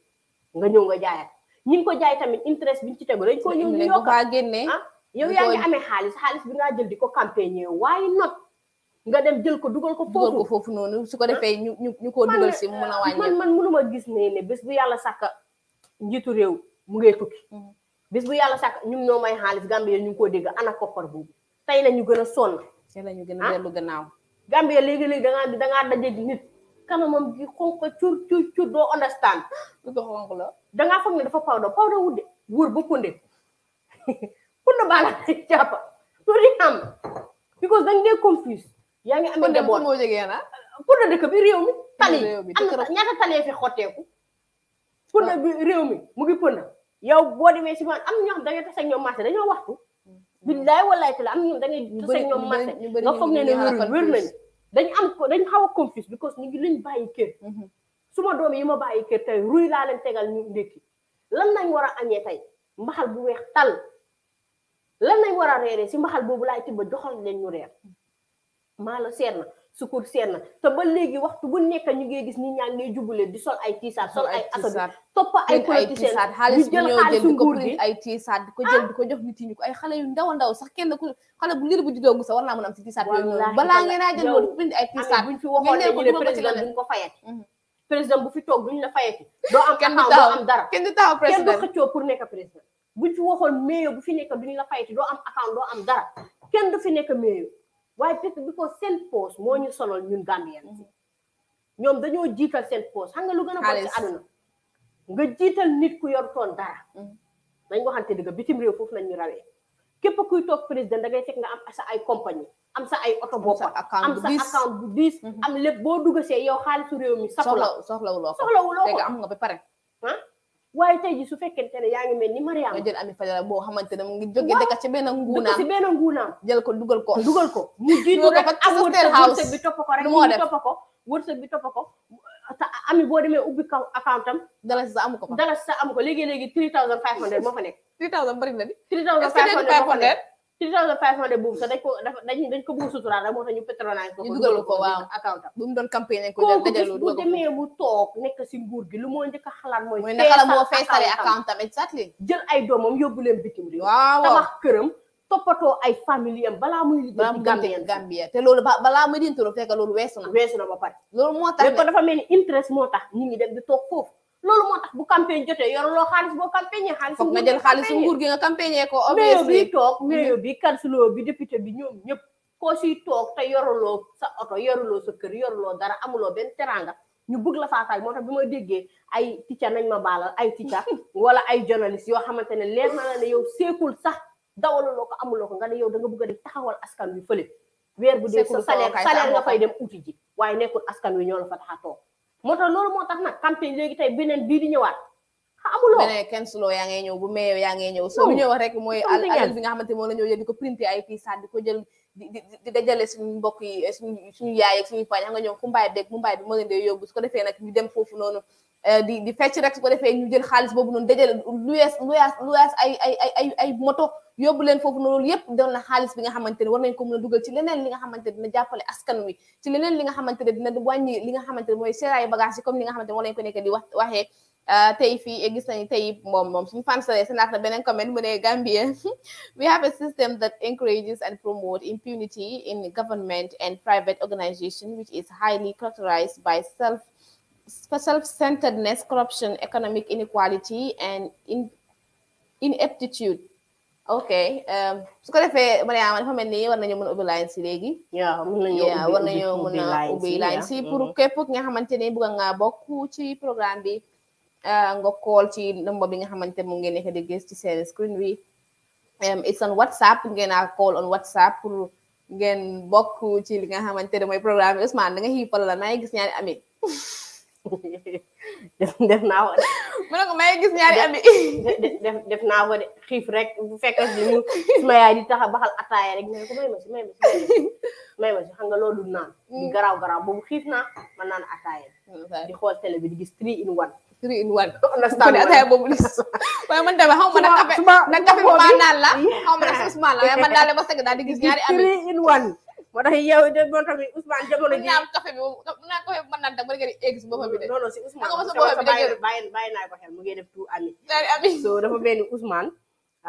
nga ñëw nga jaayaat ñi ngi ko jaay tamit interest bi ñu ci tegu dañ ko ñëw ah xaalis xaalis bi ngaa jël di ko campagne waaye not nga dem jël ko dugal ko foofu foofu noonu su ko defee ñu ñu koo dugal si mun a wàññi man man mënuma gis ne ne bés bu yàlla sàkka njiitu réew mu ngay tukki mm-hmm. bis bu yàlla sàkk ñun ñoo may xaalis Gambie ñu ngi koo dégg ana koppar boobu tey la ñu gën a sonn tey la ñu gën a ah. dellu gannaaw Gambie léegi-léegi dangaa dangaa daje di nit kama moom gi xonq la dangaa foog ne dafa pawda pawda wudde wóor ba punde punde baala jàppa du di because dañ dee confuse yaa ngi amee njaboot pour moo jógee na pour na dëkk bi réew mi tali am na ñaata talee fi réew mi mu ngi pënna yow boo demee si man am na ñoo xam da ngay tas ak ñoom marché dañoo waxtu mm-hmm. billaay wallaay te la am na ñoom da ngay tas ak ñoom marché nga foog ne ne wér dañ am dañ xaw a confuse because ñu ngi lañ bàyyi kër mm-hmm. suma doom yi ma bàyyi kër tey ruy laa leen tegal ñu ndékki lan nañ war a añee tey mbaxal bu weex tal lan nañ war a reeree si mbaxal boobu laay tibb joxal leen ñu reer maalo seet na sukur seet na te ba léegi waxtu bu nekk ñu ngi gis nit ñaa ngay jubule di sol ay tiisaat sol ay asobi toppa ay politicien bu jël di ko print ay tiisaat di ko jël ah. di jox nit xale yu ndaw a sax kenn ku xale tiisaat balaa ngeen a jël loolu print ay tiisaat mhm. bu fi kenn doo am dara kenn du taxaw président kenn du fi waxoon mayo bu fi nekk duñ la fayati doo am account doo am dara kenn du fi nekk mayo waaye people because seen poos moo ñu sonal ñun Gambien si mhm. ñoom dañoo jiital seen poos xan nga lu gën a bon ci àdduna nga jiital nit ku yor toon dara mhm. nañ waxante dëgg bitim réew foofu lañ ñu rawee képp kuy toog président da ngay fekk nga am sa ay compagnie am sa ay oto bopp am sa account bu diis mhm. am lépp boo see yow xaalisu réew mi soxla soxlawuloo soxlawuloo ko am nga ba pare waaye tey ji su fekkente ne yaa ngi mel ni Mariama nga jël Ami Fadala boo xamante ne mu ngi jóge dëkk ci benn nguunaam ci benn nguunaam jël ko dugal ko dugal ko mu jiitu rek am wërsëg bi topp ko ko wërsëg bi topp ko te ami boo demee ubbi kaw account am dala sa amu ko dala sa amu ko léegi-léegi 3500 moo fa nekk 3000 bëri ci genre de façon de boobu sax dañ ko dañ ko bëgg a suturaal rek moo tax ñu pétrolage ko. ñu ko waaw mu doon campagne ko def mu toog nekk si nguur gi lu moo njëkk a xalaat mooy. mooy naka la moo feesale am exactly jël ay doomam yóbbu leen bitim réew. waaw tabax ay famille am balaa muy liggéey Gambia te loolu ba balaa muy dintu fekk loolu weesu na weesu na ba pare loolu moo tax kon dafa mel ni interest moo tax nit ngi dem di toog foofu loolu moo tax bu campagne jotee yor loo xaalis boo campagne xaalis foog nga jël xaalisu nguur gi nga campagne ko obviously bi toog maire bi mm-hmm. kansiloo bi député bi ñoom ñëpp koo siy toog te yoruloo sa oto yoruloo sa kër yoruloo dara amuloo benn teranga ñu bugg la faa fay moo tax bi ma déggee ay ticca nañ ma baalal ay ticca wala ay journaliste yoo xamante ne leer na yow seekul sax dawaluloo ko amuloo ko nga ne yow da nga bëgg a def taxawal askan wi fële weer bu dee sa salaire salaire nga fay dem uti waaye nekkul askan wi ñoo la fa moo tax loolu moo tax na campagne léegi tey beneen bii di ñëwaat amuloo beneen kenn suloo yaa ngay ñëw bu meeyoo yaa ngay ñëw soo lu ñëw rek mooy alal bi nga xamante moom la ñëw jël di ko printé ay fii saat di ko jël di dajale suñu mbokk yi suñu suñu yaay ak suñu paañ xam nga ñoom xumbaay beeg mumbaay bi moo leen dee yóbbu su ko defee nag ñu dem foofu noonu Euh, di di rek ko ñu jël ay ay ay ay moto yëpp na bi nga war nañ ko ci leneen li nga dina jàppale askan wi ci leneen li nga dina li nga bagage comme li nga lañ ko nekk di wax euh, gis suñu fan sare comment mu ne we have a system that encourages and promotes impunity in government and private organization which is highly characterized by self self-centeredness, corruption, economic inequality, and in, ineptitude. ok eh, su ko defee Mariama dafa mel ni war mën a ubbi line si léegi. Ya, war nañoo mën a ubbi line si pour képp ki nga xamante ne bëgg nga bokk ci programme bi nga call ci number bi nga xamante mu ngeen nekk di gis ci seen screen bi it's on WhatsApp ngeen a call on WhatsApp pour ngeen bokk ci li nga xamante ne mooy programme bi Ousmane da nga xiipal la may nah, gis ñaari def def naa ko de. mu ko may gis ñaari ami. def def naa ko de xiif rek bu fekkee si yaay di taxa baxal ataaya rek ne ko may ma si may ma si may xam nga loolu du naan. Mm. di garaaw garaaw boobu xiif naa ma naan ataaya. di xool télé bi di gis three in one. three in one. understand ataaya boobu di waaye man tamit ma nag. su ma ma naan la xaw ma nag la waaye man daal di gis ñaari ami. three moo tax yow de bon tamit Ousmane jamono ji naan café bi naan café bi mën naa dem ba ngeen egg si boppam bi de non non si Ousmane bàyyi ko xel mu ngi def tout ami ami so dafa mel ni Ousmane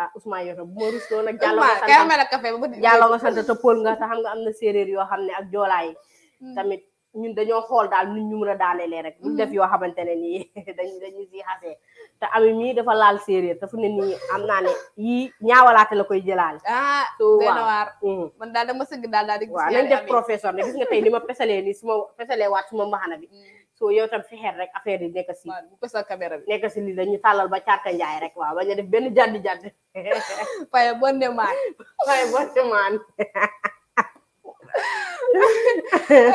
ah Ousmane yow tam bu ma rustoo nag jàllo nga sant café ba jàllo nga sant te xam nga am na séeréer yoo xam ne ak joola yi hmm. tamit ñun dañoo xool daal nu ñu mën a daanelee rek buñ def mm. yoo xamante ne nii dañu dañuy si xasee te ami mii dafa laal séeréer te fu ne nii am naa ne yii ñaawalaate la koy jëlaale ah waar mm. man daal dama sëgg daal daal di gis waaw nañ def professeur ne gis nga tey ni ma pesalee nii su ma pesalee waat su ma mbaxana bi mm. soo yow tam fexeer rek affaire yi nekk si bu pesal caméra bi nekk si lii dañu tàllal ba caarka njaay rek waa bañ a def benn jàdd jàdd faye bon de maan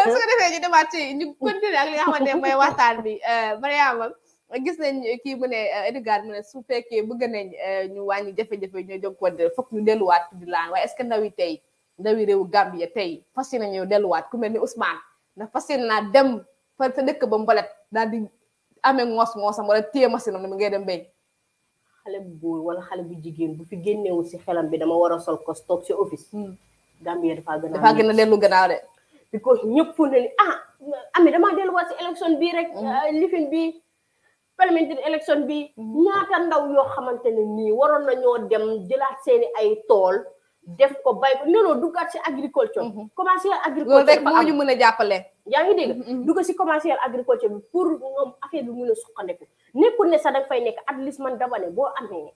su ko defee ñu demaat ci ñu continuer ak li bi euh, Mariama gis nañ kii mu ne euh, su fekkee bëgg euh, ñu wàññi jafe-jafe ñoo ñu delluwaat di laan waaye est-ce que ndawi tey ndawi réewu Gambie tey delluwaat ku mel ni Ousmane na fas yéene naa ba mbolet daal di amee ngoos dem béy xale bu jigéen bu fi génnewul si xelam bi dama war a sol kos toog si office hmm. Gambia dafa gën a. dafa gën a dellu gannaaw de. because ñëpp ne ni ah ami damaa delluwaat ci élection bii rek. Mm. Euh, lifin bii parlementaire élection bii. Mm. ñaata ndaw yoo xamante ne nii waroon nañoo dem jëlaat seeni ay tool. def ko bay ko non non duggaat si agriculture. Mm-hmm. commercial agriculture loolu rek moo ñu mën a jàppale. yaa ngi dégg mm-hmm. dugg si commercial agriculture bi pour ñoom affaire lu mën a suqandeku nekkul ne sax danga fay nekk at least man dama boo amee.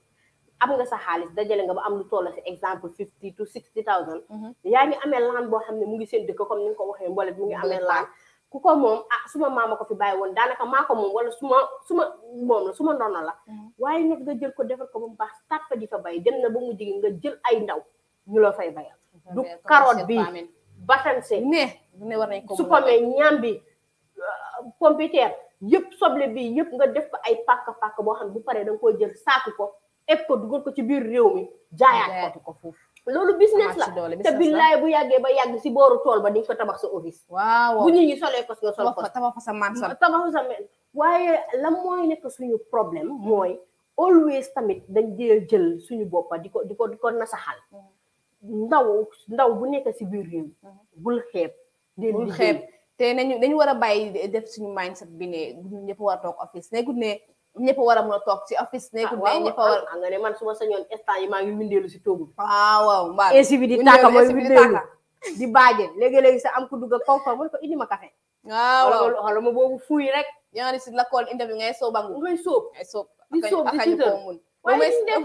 am nga sa xaalis dajale nga ba am lu toll si exemple fifty to sixty thousand mhm. yaa ngi amee laan boo xam ne mu ngi seen dëkk ko ni nga ko waxee mboolem mu ngi amee laan ku ko moom ah suma maam ko fi bàyyi woon daanaka maa ko moom wala suma suma moom la suma ndono la mhm. waaye nag nga jël ko defar ko ba mu baax start fa di fa bay dem na ba mu jigi nga jël ay ndaw ñu la fay bayal du carotte bi batanse ne supame ñaam bi euh, pompiteer yëpp soble bi yëpp nga def ko ay pàkk boo xam ne bu paree da nga koy jël saaku ko eg ko dugal ko ci biir réew mi jaayaat ko foofu loolu business la te billaay bu yàggee ba yàgg si booru tool ba di nga ko tabax sa office waaw bu nit ñi solee ko nga sol ko tabax sa mansion tabax sa mansion waaye la mooy nekk suñu problème mooy always tamit dañ dee jël suñu boppa di ko di ko di ko nasaxal mm-hmm. ndaw ndaw bu nekk si biir réew mm-hmm. bul xeeb bul xeeb te nañu dañu war a bàyyi def suñu mindset bi ne ñëpp war a toog office nekkul ne ñepp wara mëna tok ci office nekk mais ñëpp war a nga né man suma sañon instant yi ma ngi windeelu ci togu waaw waaw mbaa ci bi di taka moy windeelu di baaje léegi-léegi sa am ku dugg ak confort mu ko indi ma café waaw waaw xala ma bobu fuuy rek ya ñaari ci la kool interview ngay so bangu ngay so ay so di so di ci mun waaye ñu def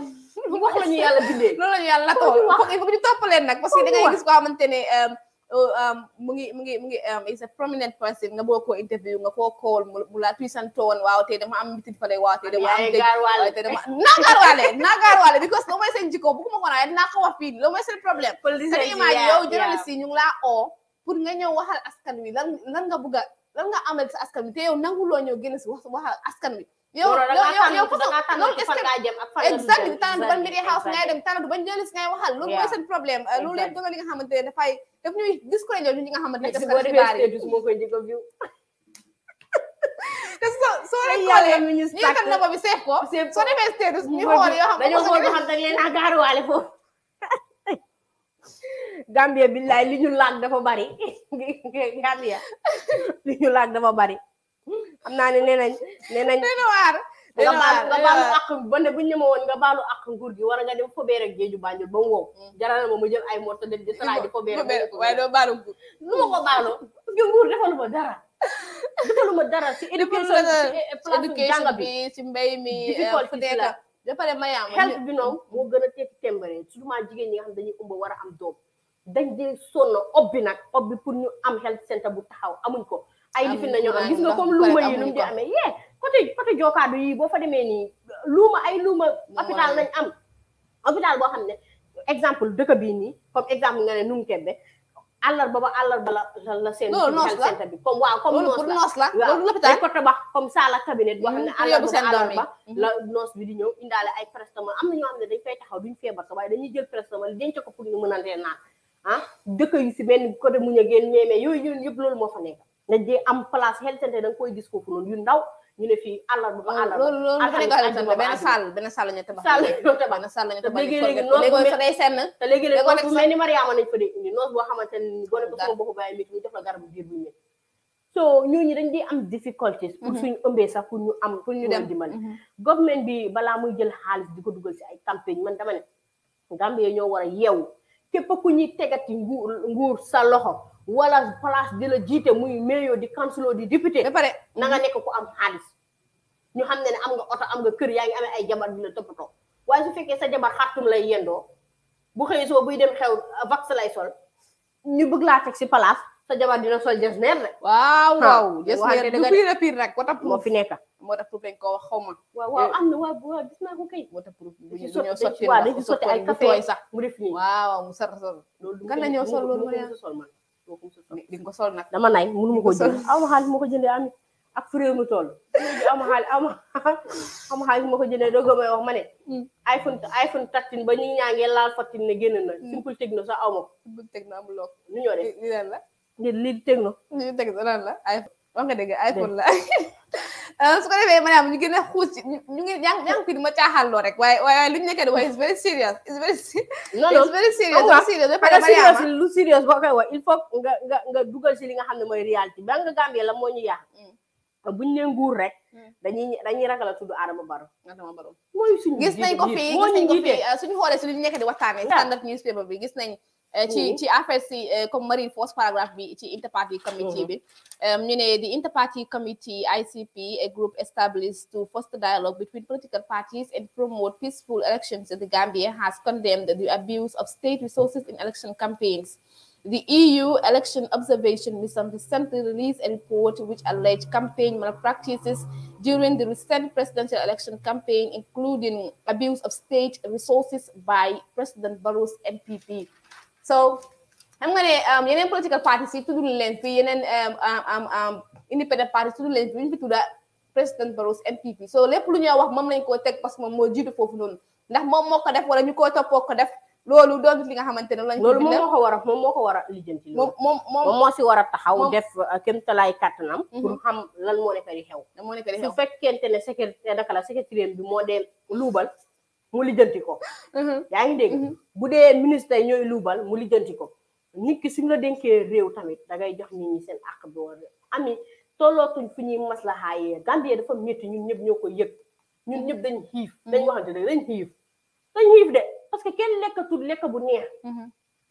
bu wax la ñu yàlla bindee yalla la ko yàlla tool ñu topp leen nag parce que da ngay gis ko xamantene euh Oh, um, mu ngi mu ngi mu ngi is um, a prominent person nga boo ko interview nga koo call mu la tuisantoon waaw te dama am mitin fale waaw tey dama am naagaarwaale naagaarwaale because loo mooy seen jikko bëgguma ko naa dinaa ko wax fii loo mooy seen problème te image yow journaliste yi ñu laa oo pour nga ñëw waxal askan wi lan lan nga bëgg a lan nga amal askan wi te yow nanguloo ñëw génn si wax waxal askan wi yow yow yow façon loolu est-ce que exact tànn ban middle house ngay dem tànnatu ban journaliste ngay waxal loolu yëpp dogal li nga xamante ne dafay daf ñuy discouragé ñu ñi nga xamante ne daf ko xibaar yi te soo soo leen xoolee ñu itam na bi seef ko soo defee status ñu xool yoo xam dañoo xool ba xam dag leen a gaaruwaale foofu Gambia billaay li ñu laag dafa bari Gambia li ñu laag dafa bari xam naa ne nee nañ nee nañ dina waar nga baal nga baalu àq ba ne bu ñu ñëwoon nga baalu àq nguur gi war nga dem fobee rek géeju Banjul ba mu wow mm. jaral na ma ma jël ay mor te dem di salaay di fobee rek waaye doo baalu nguur lu ma ko baaloo ñu nguur defalu ma dara defalu ma dara si éducation si jàng bi si mbay mi difficulté euh, la da pare mayaam help bi noonu moo gën a tekki tembare surtout jigéen ñi nga xam dañuy umba war a am doom dañ di sonn obbi nag obbi pour ñu am help center bu taxaw amuñ ko ay lifin nañoo am gis nga comme luuma yi nu mu di amee yee côté côté jokaadu yi boo ay luuma hôpital lañ am boo xam ne exemple dëkk nii comme exemple nga ne num kebbe àllarba ba àllarba la la seen centre bi boo xam ne mm-hmm. àllarba mm-hmm. ñëw indaale ay am na ñoo xam ne dañ fay taxaw duñ feebar sax waaye dañuy jël prestamo li denc ko pour ñu mënantee naan ah dëkk yu si benn côté muñ a génn mais yooyu yooyu yëpp loolu moo fa nekk dañ dee am place health center da nga koy gis foofu noonu yu ndaw ñu ne fii àllarba ba àllarba. loolu loolu bu nekkee àllarba benn saal benn saal la ñu tabax. saal léegi-léegi noos bu day senn. te léegi-léegi noos bu mel ni Mariama nañ fa dee indi noos boo xamante ni boo nekk sama bopp bàyyi métti ñu def ñu so dañ di am difficultés. pour mhm. ñu ëmbee sax pour ñu am pour ñu dem dimbali. Mhm. government bi balaa mu jël xaalis di ko dugal si ay campagne man dama ne Gambie ñoo war a ké képp ku ñuy tegati nguur nguur sa loxo wala place di la jiite muy mayo di councilor di député. ba pare na nga nekk ku am xaalis. ñu xam ne ne am nga oto am nga kër yaa ngi amee ay jabar di la toppatoo waaye su fekkee sa jabar xartum lay yendoo bu xëy soo buy dem xew vax lay sol ñu laa teg si place sa jabar dina sol jës neer rek. waaw waaw jës neer du pire pire rek wata proof moo fi nekk. moo tax proof dañ ko wax xaw ma. waaw waaw eh. am na waaw gis naa ko kay. moo tax proof bu sax mu def nii. waaw mu sar sar loolu kan la ñëw sol loolu di nga na sol nag dama nay mënu ma ko jënd aw ma ko jëndee amit ak fu mi toll léegi aw ma xaalis aw ma aw a xaalis ma ko jëndee dooga may wax ma ne hmm. iPhone iPhone tattin ba ñu ñaangee laal fattin ne génn na hmm. simple techno sax aw ma ko simple techno amul loo ñu ñoo def li la li li techno li techno lan la iPhone wax nga dëgg iPhone la su ko defee maanaam ñu gën a xuus ñu ngi yaa ngi fi di ma caaxaanloo rek waaye waaye lu ñu nekkee di very serious is very non non very serious lu serious boo koy wax il faut nga nga dugal si li nga xam ne mooy réalité ba nga Gambie la moo ñu yàq buñ ne guur rek dañuy dañuy a tudd Adama Barrow Adama Barrow mooy suñu gis nañ ko fii gis nañ xoolee si lu ñu nekk di waxtaanee ah. newspaper bi gis nañ Eh, ci ci affaire si eh, comme marine force paragraphe bi ci interparty committee bi uh-huh. eh, ehm, ñu ne interparty committee ICP a group established to foster dialogue between political parties and promote peaceful elections in the Gambia has condemned the abuse of state resources in election campaigns. The EU Election Observation Mission recently released a report which alleged campaign malpractices during the recent presidential election campaign, including abuse of state resources by President Barrow's MPP. so xam nga ne um, yeneen political parties yi tuddul leen fi yeneen um, um, independent parties tuddul leen fi ñu fi tudda président Barroso NPP so lépp lu ñuy wax moom lañ koo teg parce que moom moo jiitu foofu noonu ndax moom moo ko def wala ñu koo toppoo ko def loolu doon li nga xamante ne lañ loolu moom moo ko war a moom moo ko war a lijjanti moom moom moom moo si war a taxaw def uh, kéemtalaay kàttanam mhm. pour xam lan moo nekk di xew moo nekk di xew su fekkente ne eh, secrétaire daka la bi moo dee luubal mu lijjanti ko. Uh-huh. yaa ngi dégg. Uh-huh. bu dee ministre yi ñooy luubal mu lijjanti ko. nit ki suñu la dénkee réew tamit dangay jox nit ñi seen àq bi war ami tollootuñ fu ñuy maslaxaayee Gambie dafa métti ñun ñëpp ñoo ko yëg ñun ñëpp dañ xiif uh-huh. dañ waxante dëgg dañ xiif dañ xiif de parce que kenn lekkatul lekk bu neex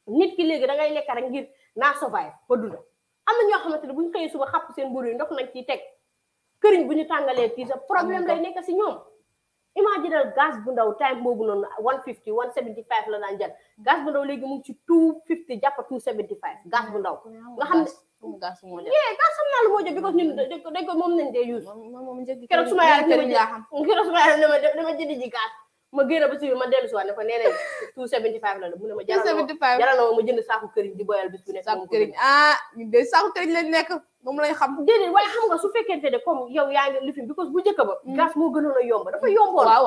nit ki léegi dangay lekk rek ngir naa survive ba dunda am na ñoo xamante ne bu ñu xëyee suba xàpp seen mburu yi ndox nañ ciy teg këriñ bu ñu tàngalee tii sa problème lay nekk si ñoom imaginal gaz bu time boobu noonu one fifty one seventy five la daan jël gaz bu ndaw léegi mu ngi ci two fifty jàpp two seventy five gaz bu ndaw nga xam ne gaz moo jël yee moo jël because ñun dañ ko moom nañ dee use keroog suma yaay keroog suma yaay dama dama jëndi ji gaz ma génn bis bi ma dellu si waat ne ko nee nañ tout 75 la la mu ne ma jaral na ma jënd saako këriñ di boyal bis bu nekk saako këriñ ah ñun de saako këriñ lañ nekk moom lañ xam déedéet waaye xam nga su fekkente ne comme yow yaa ngi lifin because bu njëkk ba mm. gaz moo gënoon a yomb dafa yomboon waaw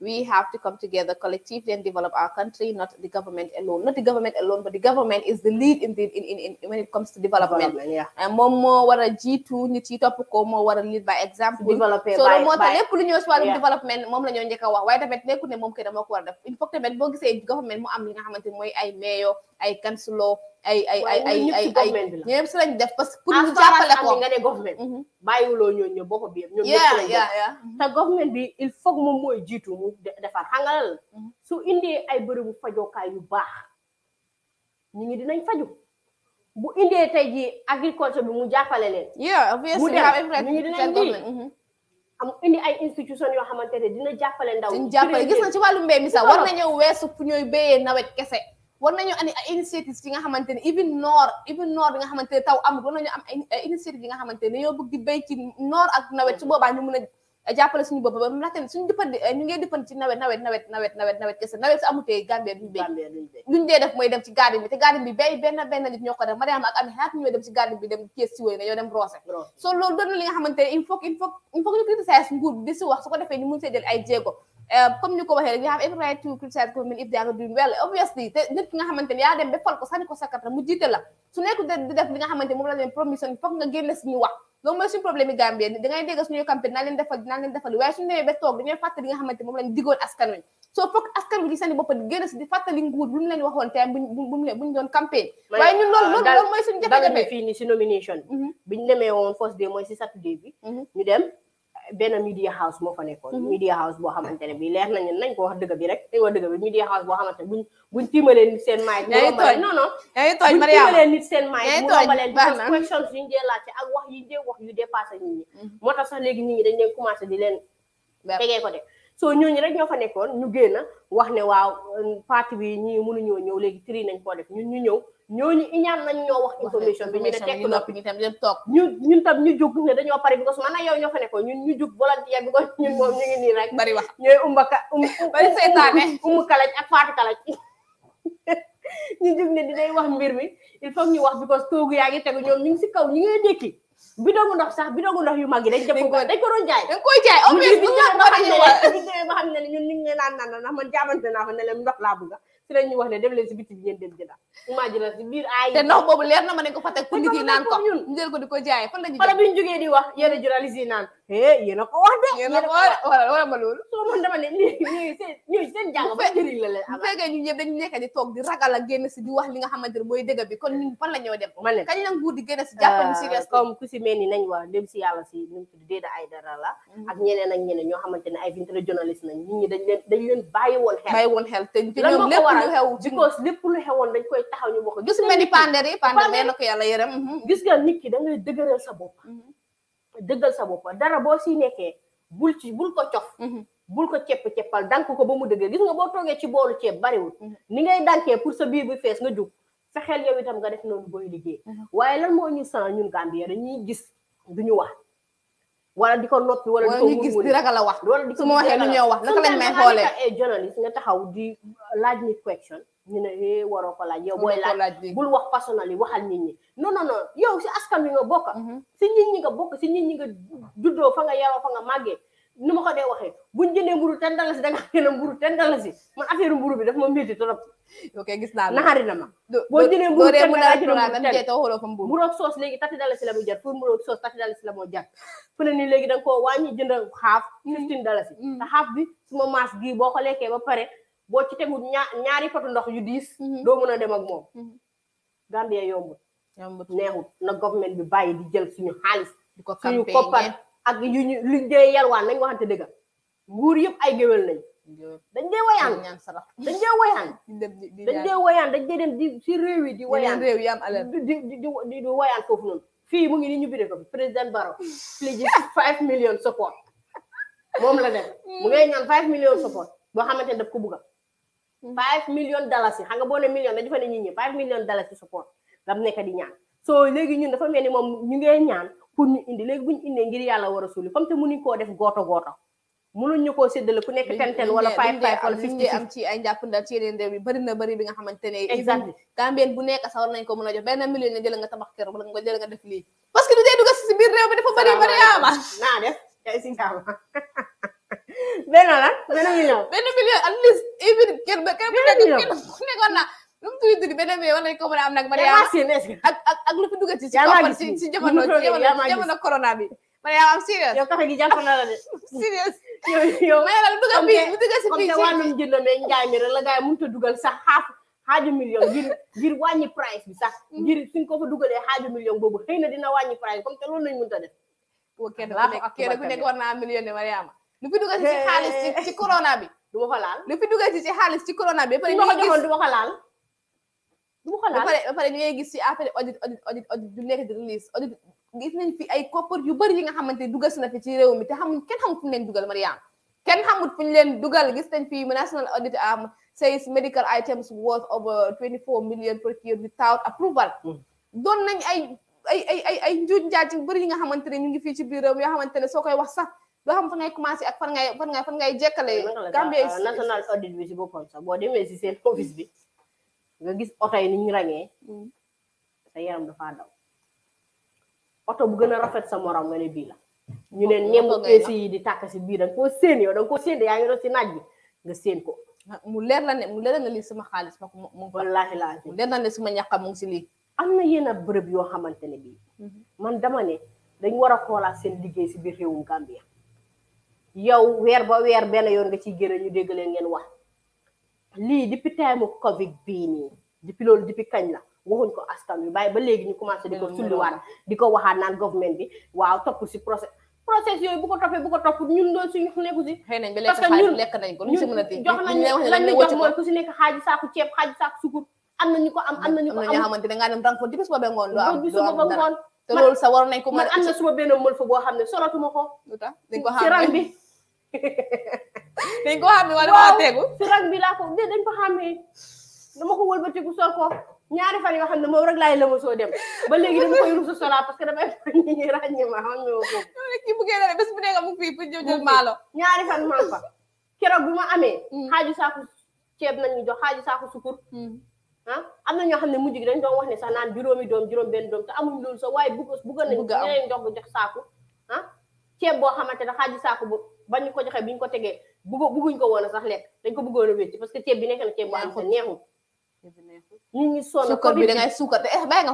we have to come together collectively and develop our country, not the government alone. Not the government alone, but the government is the lead in the, in, in, in when it comes to development. development yeah. And more more what a G2 nit lead by example. Develop so by, moo tax lépp lu ñëw development moom la ñoo njëkk a wax waaye tamit nekkul ne moom kay dama ko war a government mu am li ay mayor ay councilor ay ay ay ay ay ay ñëpp si lañ def parce que pour ñu jàppale ko nga ne government mm-hmm. bàyyiwuloo ñoo ñoo bokk bi yëpp ñoom ñëpp lañ def te bi il faut moom mooy jiitu mu defar xam mm-hmm. su indee ay bërëbu fajokaay yu baax ñu ngi dinañ faju bu indee tey jii agriculture bi mu jàppale leen mu dem ñu ngi dinañ di mm-hmm. am indi ay institution yoo xamante ne dina jàppale ndaw ñu jàppale gis na ci mi sax war na ñëw weesu fu ñooy béyee nawet kese war nañu andi ay initiative yi nga xamante ne even noor even noor nga xamante ne taw amul war nañu am ay initiative yi nga xamante ne dañoo bëgg di béy noor ak nawet su boobaa ñu a jàppale suñu bopp ba mu laajte suñu nawet nawet nawet nawet nawet nawet kese nawet su amutee Gambie duñu béy luñu dee def mooy dem ci garden bi te garden bi béy benn benn nit ñoo ko def Mariama ak Ami xalaat ñoo dem ci garden bi dem kees si wéy na ñoo dem roose so loolu doon li nga xamante ne il faut il faut il faut criticise nguur di si wax su ko defee ñu mun see jël ay jéego Euh, comme ni ko waxee rek you have every right to criticize government if they are doing well obviously te nit ki nga xamante ni yaa dem ba fal ko sànni ko sa kàttan mu jiite la su nekkul di def li nga xamante moom la leen problème yi Gambie dangay dégg nga xamante moom lañ digoon askan wi soo foog askan wi ci seen di génn si di nguur bu mu leen waxoon te bu mu leen bu ñu doon campagne waaye ñun loolu loolu loolu mooy si nomination biñu mhm. demee woon bi mhm. ñu dem benn media house moo fa nekkoon mhm. media house boo xamante ne bi leer nañu nañ ko wax dëgg bi rek dañ wax dëgg bi media house boo xamante ne buñ buñ tiimalee nit seen maay non non buñ tiimalee nit seen maay mu xamaleen because questions yi ñu dee ak wax yi ñu dee wax yu dépassé nit ñi mhm. moo tax sax léegi nit ñi dañ leen commencé di leen tegee ko de so ñooñu rek ñoo fa nekkoon ñu génn wax ne waaw parti bi ñi mënuñoo ñëw léegi tri nañ koo def ñun ñu ñëw ñooñu iñaan lañ ñoo wax information bi ñu ne tekk noppi tam dem toog ñu ñun tam ñu jug ne dañoo pare bi ko suma na yow ñoo fa nekkoon ñun ñu jug volontaire bi ko ñun moom ñu ngi nii rek bari wax ñooy umba ka um, um, um bari seytaane umu um, kalaj ak faatu kalaj ñu jug ne dinay wax mbir mi il faut ñu wax because toogu yaa tegu ñoom ñu ngi si kaw ñu ngi dékki bidongu ndox sax bidongu ndox yu mag dañ jëpp ko dañ ko doon jaay dañ koy jaay obvious bu ñu ba xam ne ñun ñu ngi naan naan ndax man jaamante naa ko ne leen ndox laa bëgg si la wax ne dem leen si dem jëla ay leer na ma ne ko fa teg nit yi naan ko ñu jël ko di jaay fan la ñu xale bi ñu di wax yéen journaliste yi naan eh yéen ko wax de yéen ko wala wala ma loolu dama seen jàng ba la dañu nekk di toog di ragal ak génn si di wax li nga xamante ne mooy bi kon ñun fan la ñoo dem ma kañ la nguur di génn si jàppani euh, comme ku si mel nañ dem si yàlla si ñu tudd Deda Aidara la mhm. ak ñeneen ak ñeneen ñoo xamante ay vingt journaliste nañ nit ñi dañ leen dañ leen xel lépp lu xew because lépp lu xewoon dañ koy taxaw ñu wax gis nga ni pandéri pandéri na ko yàlla yërëm mhm. gis nga nit ki da ngay dëgëral sa bopp mhm. dëggal sa bopp dara boo si nekkee bul ci bul ko cof mhm. bul ko cepp ceppal dank ko ba mu dëggee gis nga boo toogee ci boolu ceeb bariwul ni ngay dankee pour sa biir bi fees nga jug fexeel yow itam nga def noonu booy liggéey waaye lan moo ñu san ñun Gambien dañuy gis duñu wax wala di ko noppi wala di ko ñu gis di rek la wax wala di ko su ma waxee lu ñoo wax naka lañ may xoolee journaliste nga taxaw di laaj nit question ñu ne waro eh, waroo ko laaj yow booy laaj bul wax personnel yi waxal nit ñi non non non yow si askan bi nga bokk mm-hmm. si nit ñi nga bokk si nit ñi nga juddoo fa nga yaroo fa nga màggee nu ma ko dee waxee bu jëndee mburu ten dalasi da nga jënd mburu ten dalasi man affaire mburu bi daf ma métti trop. ok gis naa naxari na ma. boo jëndee mburu ten dalasi la mburu ak soos léegi tati dalasi la muy jar pour mburu ak soos tati dalasi la moo jar. fu ne nii léegi da nga koo wàññi jënd xaaf. Mm. fifteen dalasi. Mm. te xaaf bi suma maas gii boo ko lekkee ba pare boo ci tegu ñaar ñaari potu ndox yu diis. Mm-hmm. doo mën a dem ak moom. Mm-hmm. Gambia yombut. yombut neexut na government bi bàyyi di jël suñu xaalis. di ko campagne suñu koppar ak yu ñu luñ dee yalwaan nañ waxante dëgg nguur yëpp ay géwél lañ dañ dee woyaan dañ dee woyaan dañ dee woyaan dañ dee di si réew yi di woyaan réew yi am alal di di di woyaan foofu noonu fii mu ngi nii ñu bindee ko président Baro plégi five million support moom la def mu ngay ñaan five boo xamante ne daf ko bugga mm. five million dalasi xam nga boo ne million dañu fa ne nit ñi five million dalasi support lam nekk di ñaan soo léegi ñun dafa ni moom ñu ngee ñaan pour ñu indi léegi bu ñu indee ngir yàlla war a suuli comme te mënuñ koo def gooto gooto mënuñ ñu koo séddale ku nekk ten ten wala five five fifty am ci ay njàppandal ci yeneen réew yi bëri na bëri bi nga xamante ne exact gambien bu nekk sax war nañ ko mën a jox benn million ne jëla nga tabax kër wala nga jëla si biir réew bi dafa bëri bëri yaama naa def ay si ngaama benn la benn million million at least even kër ba kër nekk nekkoon lu mu tudd tudd beneen bi yow nañu ko mën a nag Mariama ak lu fi dugg ci na la de serious yow may la si fii a dugal sax bi sax ngir suñ ko fa dugalee xaaju million boobu xëy na dina wàññi price comme te a def kenn ku bi du ma ko laal du ma ko laal ngay gis ci affaire audit audit audit audit gis nañ fi ay koppar yu bari yi nga xamante dugal si na fi ci réew mi te xamuñ kenn xamut fu ñu leen dugal Mariam kenn xamut fu ñu leen dugal gis nañ fi national audit am um, says medical items worth over 24 million procured without approval mm. doon nañ ay ay ay ay ay njuuj yi nga xamante ne ñu ngi fii ci biir réew mi yoo xamante ne soo koy wax sax doo xam fan ngay commencé ak ngay fan ngay fan ngay ah, si boppam office bi nga gis auto yi ni ñu ràññee sa yaram dafa daw auto bu gëna rafet sa morom nga ne bi la ñu ne ñem peesi yi di tak ci bii da ko seen yow da ko seen séen ngi doon najj nga seen ko mu leer la ne mu leer na li sama xaalis ma ko mu wallaahi laa leer na ne sama ñaka mu ngi si lii am na yenn bërëb yoo xamante man dama ne dañ wara a xoolaat seen liggéey ci biir réewum Gambia yow weer ba weer ben yoon nga ci génne ñu déggalé ngeen wax lii depuis time Covid bii nii depuis loolu depuis kañ la waxuñ ko askan wi bàyyi ba léegi ñu commencé di ko mm-hmm. sulliwaat di ko naan government bi waaw topp si process process yooyu bu ko toppee bu ko topp ñun loolu si xëy lekk xaalis lekk nañ ko jox nañ lañ ñu jox mooy ku si nekk xaaji saaku ceeb xaaji saaku sukur am na ñu ko am am na ñu ko am ñoo xamante ne ko am am dara te ko man am na suma benn mël fa boo xam ne solatuma ko ci rang bi dañ ko xàmmee wala maa tegu si rag bi laa ko dee dañ ko xàmmee dama ko wëlbatiku sol ko ñaari fan yoo xam ne moom rek laay lëma soo dem ba léegi dama koy rusu sola parce que damay ñi ràññee ma xam ne ko kii buggee dara bés ñaari fan maa fa keroog bi ma amee mm. xaaju saaku ceeb nañ ñu jox xaaju saaku sukur mm. ah am na ñoo xam ne mujj gi dañ doon wax ne sa naan juróomi doom juróom benn doom te amuñ loolu sax waaye bugg bugg nañ ñeneen jox bu jox saaku ah, ceeb boo xamante ne xaaju saaku bu ñu ko joxee bi ñu ko tegee bëggu bëgguñ ko woon a sax lekk dañ ko bëggoon a wécc parce que ceeb bi nekk na ceeb bu ñu ngi sonn suukar bi da suukar te eh bàyyi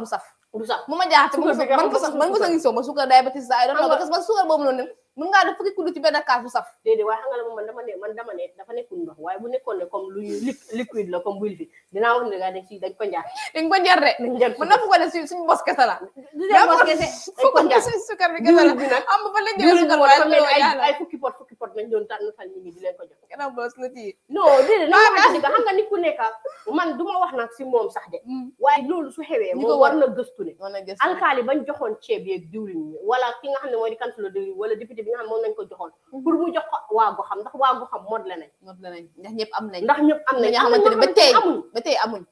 du saf du saf mu ma jaaxal man ko man ko sax ngi sooma suukar diabétique sa ay doon parce que man suukar boobu noonu mën ngaa def fukki kuddu ci benn kaas bu saf déedéet waaye xam nga ne moom man dama ne man dama ne dafa nekkul ndox waaye bu nekkoon ne comme liquide la comme buy fi du ma wax nag si moom sax de mm. waaye loolu su xewee moom war na gëstu alkaali bañ joxoon ceeb yeeg diwlin wala ki nga ne mooy di kantulo diwlin wala député bi nga xam moom lañ ko joxoon mhm. pour mu jox ko waa gu xam ndax waa xam mod la nañ mod la nañ ndax ñëpp am nañ ndax ñëpp am nañ nga xamante ne ba tey ba tey amuñ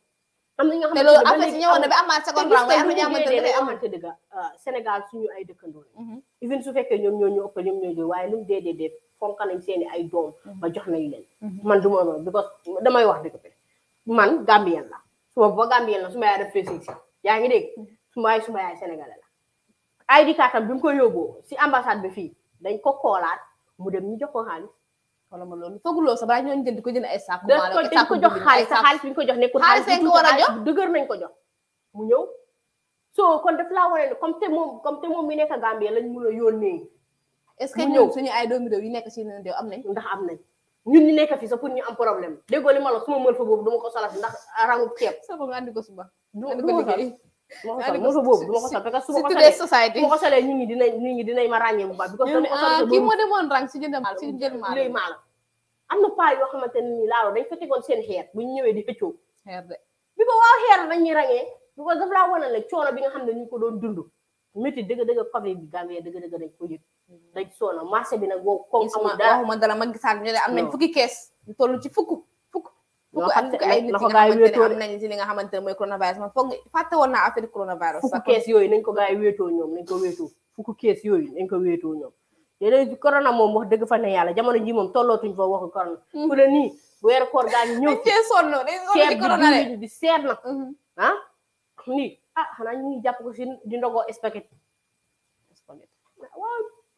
am na nga xamante ne loolu en fait ñëwoon na ba amaat seconde rang am na nga xamante dëgg euh, Sénégal suñu ay dëkkandoo lañ mhm. even su fekkee ñoom ñoo ñu ëpp ñoom ñoo jóg waaye lu mu dee dee dee fonk nañ seeni ay doom mhm. ba jox nañ leen man du ma noonu because damay wax dëgg bi man Gambien la su ma boo Gambien la su ma yaay def fesi si yaa ngi dégg su ma yaay yaay Sénégalais la ID bi mu ko yóbboo si ambassade bi fii dañ ko koolaat mu dem ñu jox ko xaalis wala ma loolu fooguloo sa balaa ñoo di ko jënd ay saako. dañ ko jox xaalis xaalis ñu ko jox nekkul xaalis ko war a jox dëgër ko jox mu ñëw soo kon daf laa wane ne comme te moom comme te moom mi nekk Gambie lañ mun a yónnee est-ce que ñoom suñu ay doomi réew yi nekk si yeneen réew am nañ ndax am nañ ñun ñu nekk fi sax pour ñu am problème déggoo li ma la suma mën fa boobu duma ko salati ndax rangu ceeb. soo ko suba. du ma ko moso boobu du ma ko sal parce que su ma ko salee ma ko salee nit ñi dinañ ma ràññee bu baax bi ko ah, kii si jënd maal si jënd maal léegi maal am na paa yoo xamante ne nii laalo dañ fa tegoon di xëccoo xeer de bi ko waaw xeer dañ ñuy ràññee bi ko daf laa wane la coono bi nga xam ne ñu ko doon dund métti dëgg dëgg covid bi Gambie dëgg dëgg dañ ko yëg mm-hmm. dañ soono ma gisaat ñu ne am nañ fukki kees fukk ak fukk ay nit yi nga li nga xamante ne mooy coronavirus man foog fàtte woon coronavirus. fukk kees yooyu nañ ko gars yi wéetoo ñoom nañ ko wéetoo fukk kees yooyu nañ ko wéetoo ñoom léeg-léeg corona moom wax dëgg fa ne yàlla jamono ji moom tolo fa waxu corona ku hmm. ne nii la weeru koor gaa ñu ñëw ci sonn seet na hmm. ah nii ah xanaa ñu ngi jàpp ko si di ndogoo spaghetti spaghetti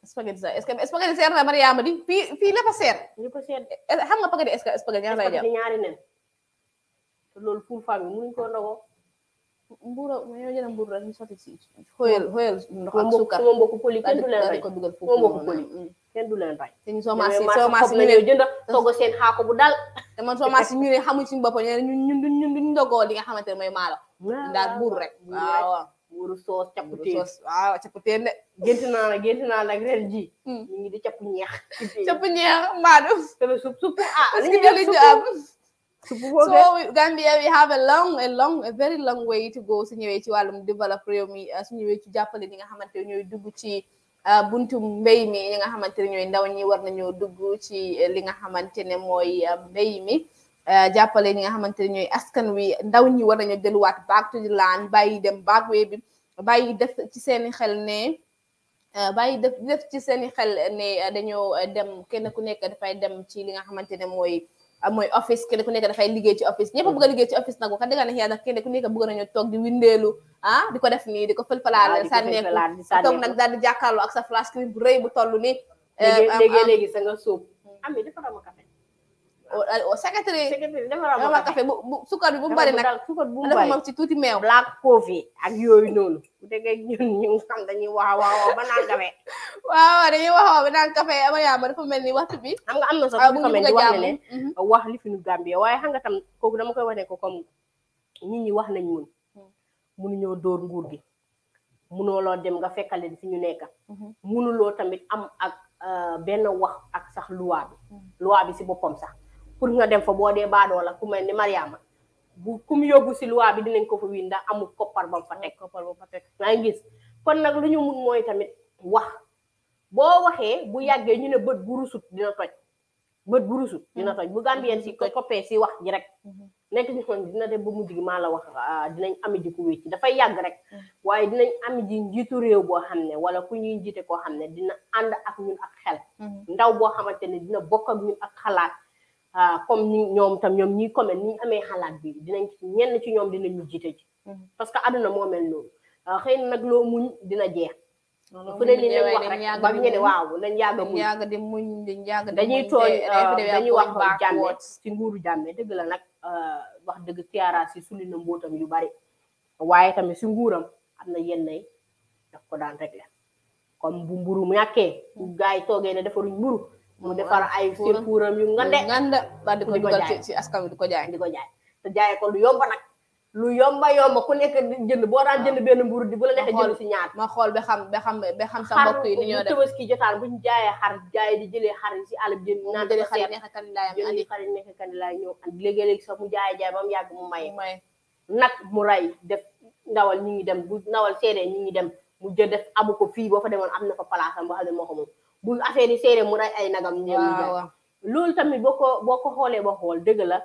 spaghetti sax est-ce que spaghetti seer na Mariama di fii fii lépp a seer. lépp a seer xam nga spaghetti est-ce que spaghetti ñaar lay jar ñaari nen te loolu pour femme yi mënuñu koo ndogoo. mbuura ma ñoo jël rek ñu sotti si. xoyal xoyal ndox ak suukar sama poli kenn du leen te ñu soo maas soo maas ñu ne jënd togg seen man soo maas ñu ne ñun ñun duñ ndogoo li nga xamante daal buur rek wuru soos capputeen waaw ah, capputeen de naa la gént hmm. naa la ji ñu ngi di cappu ñeex cappu ñeex mbaadu tebe sup ah, we have a long a long a very long way to go su ñëwee ci wàllum développe réew mi ah, su ñëwee ci jàppale ñi nga xamante ñooy dugg ci buntu mbéy mi ñi nga xamante ne ñooy ndaw ñi war nañoo dugg ci eh, li nga xamante ne mooy mbéy mi Euh, jàppale ñi nga xamante ne ñooy askan wi ndaw ñi war nañu delluwaat back to the land bàyyi dem back way bi bàyyi def ci seeni xel ne euh, bàyyi def def ci seeni xel ne dañoo dem kenn ku nekk dafay dem ci li nga xamante ne mooy mooy office kenn ku nekk dafay liggéey ci office ñëpp bëgg a liggéey ci office nag wax dëgg yàlla ndax kenn ku nekk bëgg nañu toog di windeelu ah, di ko def nii di ko fël-fëlaal ah, sànneeku toog nag daal di jàkkaarloo ak sa flash screen bu rëy bu toll ni euh, sa nga sóob secrétaire secrétaire dafa café bu bu sukkar bi bu bari nag sukkar bu bari dafa moom ci tuuti meew black coffee ak yooyu noonu bu déggee ñun ñu ngi xam dañuy wax waaw ba naan café waaw dañuy wax waaw ba naan café ama yaama dafa mel ni waxtu bi xam nga am na sax bu xam ne wax ne leen mhm. wax li fi ñu Gambie waaye xam nga tam kooku dama koy wax ne ko comme nit ñi wax nañ mun mënuñoo mhm. dóor nguur gi mënuloo dem nga fekkale fi ñu nekk mënuloo mhm. tamit am ak euh, benn wax ak sax loi bi loi bi si boppam sax pour nga dem fa boo dee baadoo la ku mel ni Mariama bu kum yóbbu si loi bi dinañ ko fa wiin ndax amul koppar ba mu fa teg koppar ba fa teg maa ngi gis kon nag lu ñu mun mooy tamit wax boo waxee bu yàggee ñu ne bët bu rusut dina toj bët bu rusut dina mm-hmm. bu gambien si ko toppee si wax ji rek mm-hmm. nekk ci kon dina dem ba mujj gi maa la wax ah, dinañ ami ji ku wécc dafay yàgg rek mm-hmm. waaye dinañ ami ji njiitu réew boo xam ne wala ku ñuy njiite koo xam ne dina ànd ak ñun ak ndaw boo xamante ne dina bokk ak ñun Ah, comme ni ñoom tam ñoom ñi comme ni ñu amee xalaat bi dinañ ñenn ci ñoom dinañ ñu jiite ji. Mm-hmm. parce que àdduna moo mel noonu ah, xëy na nag loo dina jeex. fu ne li leen wax rek ba ñu ne waaw nañ yàgg a muñ. dañuy tooñ ah, dañuy wax jàmme ci nguuru jàmme dëgg la nag wax dëgg Kiara si suli na mbootam yu bari waaye tamit si nguuram am na yenn yi daf ko daan régler comme bu mburu mu ñàkkee bu mm-hmm. gaa yi toogee ne defaruñ mburu mu defar ay sirkuuram yu ngande ngande ba di ko dugal ci ci askan wi di ko jaay di ko jaay te jaayee ko lu yomba nag lu yomba ku nekk jënd boo daan ah. jënd benn mburu di bu la neexee jënd si ñaar ma xool ba xam ba xam ba xam sa mbokk yi ni ñoo def tabaski jotaan buñ jaayee xar jaayee di jëlee xar yi si àll bi jënd naan jëlee xar yi nekk kandilaayam andi xar yi nekk kandilaayam ñëw andi léegi-léegi sax mu jaayee mu yàgg mu mu rey def ndawal ñu ngi dem bu ndawal seedee ñu ngi dem mu jël def amu ko fii boo fa demoon am na fa palaasam boo xam ne moo ko bu affaire yi séeré mu ray ay nagam ñëw lool tamit boko boko xolé ba xol deug la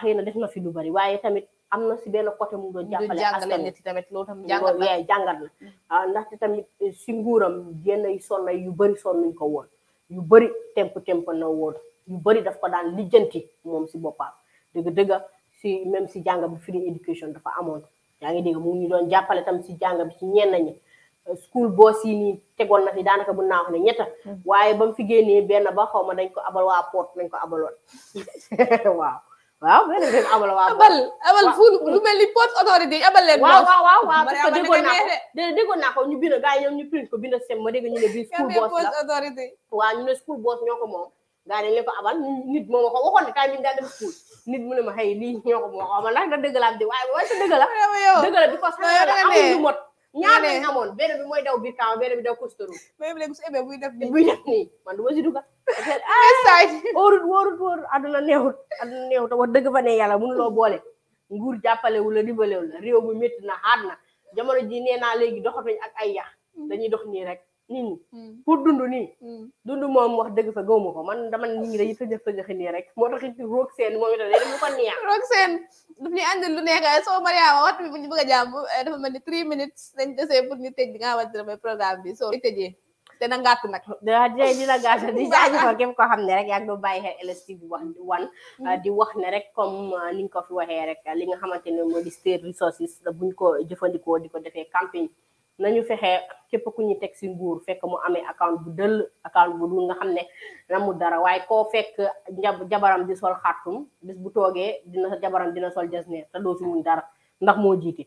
xeyna def na fi lu bari waye tamit amna na si côté mu doon jàppale askan nit tamit loolu tamit jangal la ndax tamit ci eh, nguuram yenn yu sonna yu bari ñu ko woon yu bari temp temp na woon yu bari daf ko daan lijeenti mom ci boppam deug deug si même ci jàng free education dafa amone ya ngi dégg mu ñu doon jappalé tam ci jàng bi si ñenn ñi school boss yi nii tegoon na fi daanaka bu naa wax ne ñetta hmm. waaye ba mu fi ba xaw ma dañ ko abal waa port nañ ko abaloon waaw waaw benn benn abal waa abal abal fu lu mel ni port autorité abal leen waaw waaw waaw waaw parce que déggoon naa ko déggoon naa ko ñu bind gars ko bind sem ma dégg ñu ne bii school boss la autorité waaw ñu ne school boss ñoo ko moom gaa dañ leen ko abal nit moom ko waxoon ne kaay bi def school nit mu ne ma xëy lii ñoo ko moom xaw ma ndax nga dëgg la am di waaye waaye sa dëgg la dëgg la because amuñu mot ñaar lañ xamoon benn bi mooy daw biir kaw benn bi daw costaru même léegi su ebe buy def nii buy def man du ma si dugga ay wóorut wóorut wóorut àdduna neexut àdduna neexut wax dëgg fa ne yàlla munuloo boole nguur jàppalewu a dimbalewu la réew mi métti na xaat na jamono ji nee naa léegi doxatuñ ak ay yax mm. dañuy dox nii rek nit ñi hmm. pour dund nii hmm. dund moom wax dëgg fa gëwuma ko man dama nit ñi dañuy tëjëf tëjëxi nii rek moo taxit roog seen seen daf ñu àndil lu nekk soo Mariama bu ñu bëgg a eh, dafa mel ni three minutes lañ desee pour ñu tëj bi nga xamante ne mooy bi soo tëjee te na gàtt nag da dina dina gàtt di jaajëfal képp koo xam ne rek yaa ngi doon bàyyi xel LSTV wax wan hmm. wax ne rek comme uh, ni nga ko fi waxee rek li nga xamante ne moo di state resources buñ ko jëfandikoo di ko defee campagne nañu fexee képp ku ñu teg si nguur fekk mu amee account bu dëll account bu dul nga xam ne namu dara waaye koo fekk jabaram di sol xartum bis bu toogee dina jabaram dina sol jasneer te doo si mun dara ndax moo jiite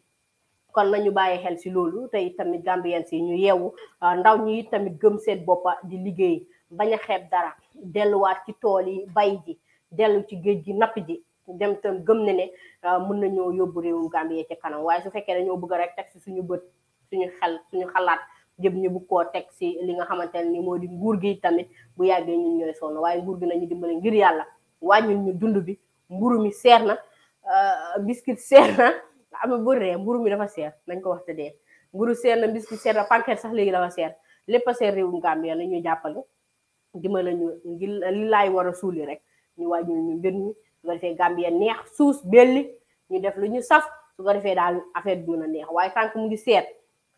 kon nañu bàyyi xel si loolu te itamit gambien si ñu yeewu ah, ndaw ñi tamit gëm seen boppa di liggéey bañ a xeeb dara delluwaat ci tool yi bay ji dellu ci géej gi napp ji dem tam gëm ne ne ah, mën nañoo yóbbu réewum Gambie ca kanam waaye su fekkee dañoo bëgg rek teg si suñu bët suñu xel xalaat jëm ñu bu ko tek ci li nga xamante ni modi di nguur gi tamit bu yagge ñun ñoy son waye nguur gi nañu dimbale ngir yalla wañu ñu dund bi mburu mi serna, euh biscuit serna am bu re mburu mi dafa ser nañ ko wax te de mburu serna biscuit serna na sax legi dafa ser lepp ser rew Gambia la ñuy jàppale dimbale ñu ngir li lay wara suli rek ñu wañu ñu mbir ñu su Gambia neex sous belli ñu def lu ñu saf su ko defé dal affaire bi na neex waye tank mu ngi seet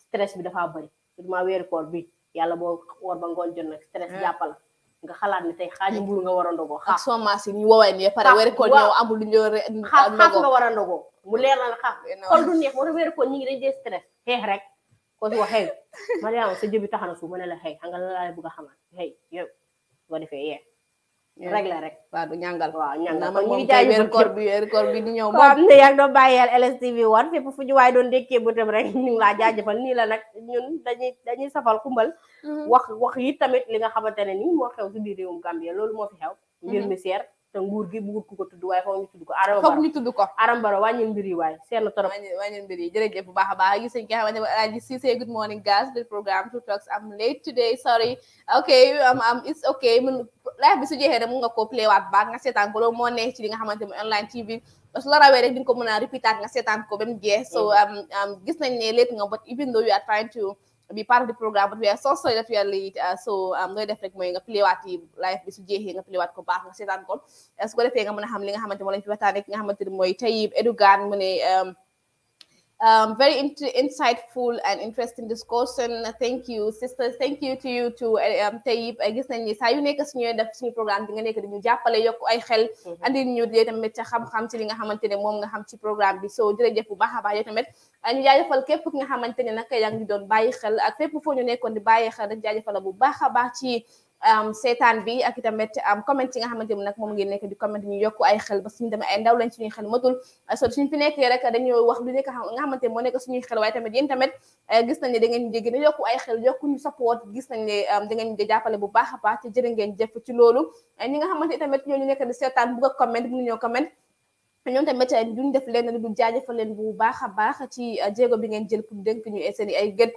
stress bi dafa bari surtout weeru koor bi yàlla boo woor ba ngoon jot nag stress ah. jàppal nga xalaat ne tey xaaju mburu nga war a ndogoo xaaf ak soo maas yi ñu woowee nii a weeru koor ñëw amul lu ñu xaaf nga war a ndogoo mu leer na la xaaf xol du neex moo tax weeru koor ñi stress xeex rek ko su waxee Mariama sa jëbi taxana su ma ne la xëy xam nga la laa bëgg a xamal xëy yow nga defee rek la rek waaw du ñàngal waaw ñàngal kon ñu ngi jaay weer koor bi weer koor bi di ñëw moom am na yaa ngi doon bàyyeel LSTV one fépp fu ñu waaye doon dékkee bëtam rek ñu ngi laa jaajëfal nii la nag ñun dañuy dañuy safal kumbal mm-hmm. wax wax yi tamit li nga xamante ne nii moo xew si biir réewum Gambie loolu moo fi xew mm-hmm. mbir mi seer te nguur gi nguur ku ko tudd waaye foog ñu ko Adama Barrow foog ñu tudd ko Adama Barrow wàññil mbir yi waaye baax a baax gis nañ ki nga xamante ne Alhaji Cissé good morning guys the program two talks I'm late um, um, nga koo play waat baax nga seetaan ko loolu moo nekk ci li nga xamante ne online TV parce que la rawee rek ko mën a répétaat nga seetaan ko ba mu jeex so mm. um, gis nañ ne late nga but even though you are trying to be part of the program, but we are so sorry that we are def rek mooy nga pliwaat yi live bi su jeexee nga pliwaat ko baax nga seetaan ko su ko defee nga mën a xam li nga xamante moo lañ fi waxtaanee ki nga xamante mooy Um, very in insightful and interesting discussion. Thank you, sisters. Thank you to you too. tey I guess nañ ni saa yu nekk su ñuy def suñu programme You nga nekk dañu jàppale yokk ay And mhm. andi ñu dee tamit ca xam-xam ci li nga xamante ne moom nga xam ci programme bi so jërëjëf bu baax a baax yow tamit. Eh, ñu jaajëfal képp ki nga xamante ne naka yaa ngi doon bàyyi xel ak fépp foo ñu nekkoon the bàyyi xel dañ jaajëfal bu baax a baax ci. seetaan bi ak itamit comment yi nga xamante ne nag moom ngeen nekk di comment ñu yokku ay xel ba suñu demee ay ndaw lañ suñuy xel matul so suñ fi nekkee rek dañoo wax lu nekk nga xamante ne moo nekk suñuy xel waaye tamit yéen tamit eh, gis nañ ne da ngeen jéggi ne yokku ay xel yokku ñu support gis nañ ne da ngeen jàppale bu baax a baax te jërë ngeen jëf ci loolu eh, ñi nga xamante tamit ñoo ñu nekk di seetaan bugg a comment bu ñoo comment ñoom tamit eh, duñ def leen du jaajëfal leen bu baax a baax ci bi ngeen jël pour dénk ñu seen ay gët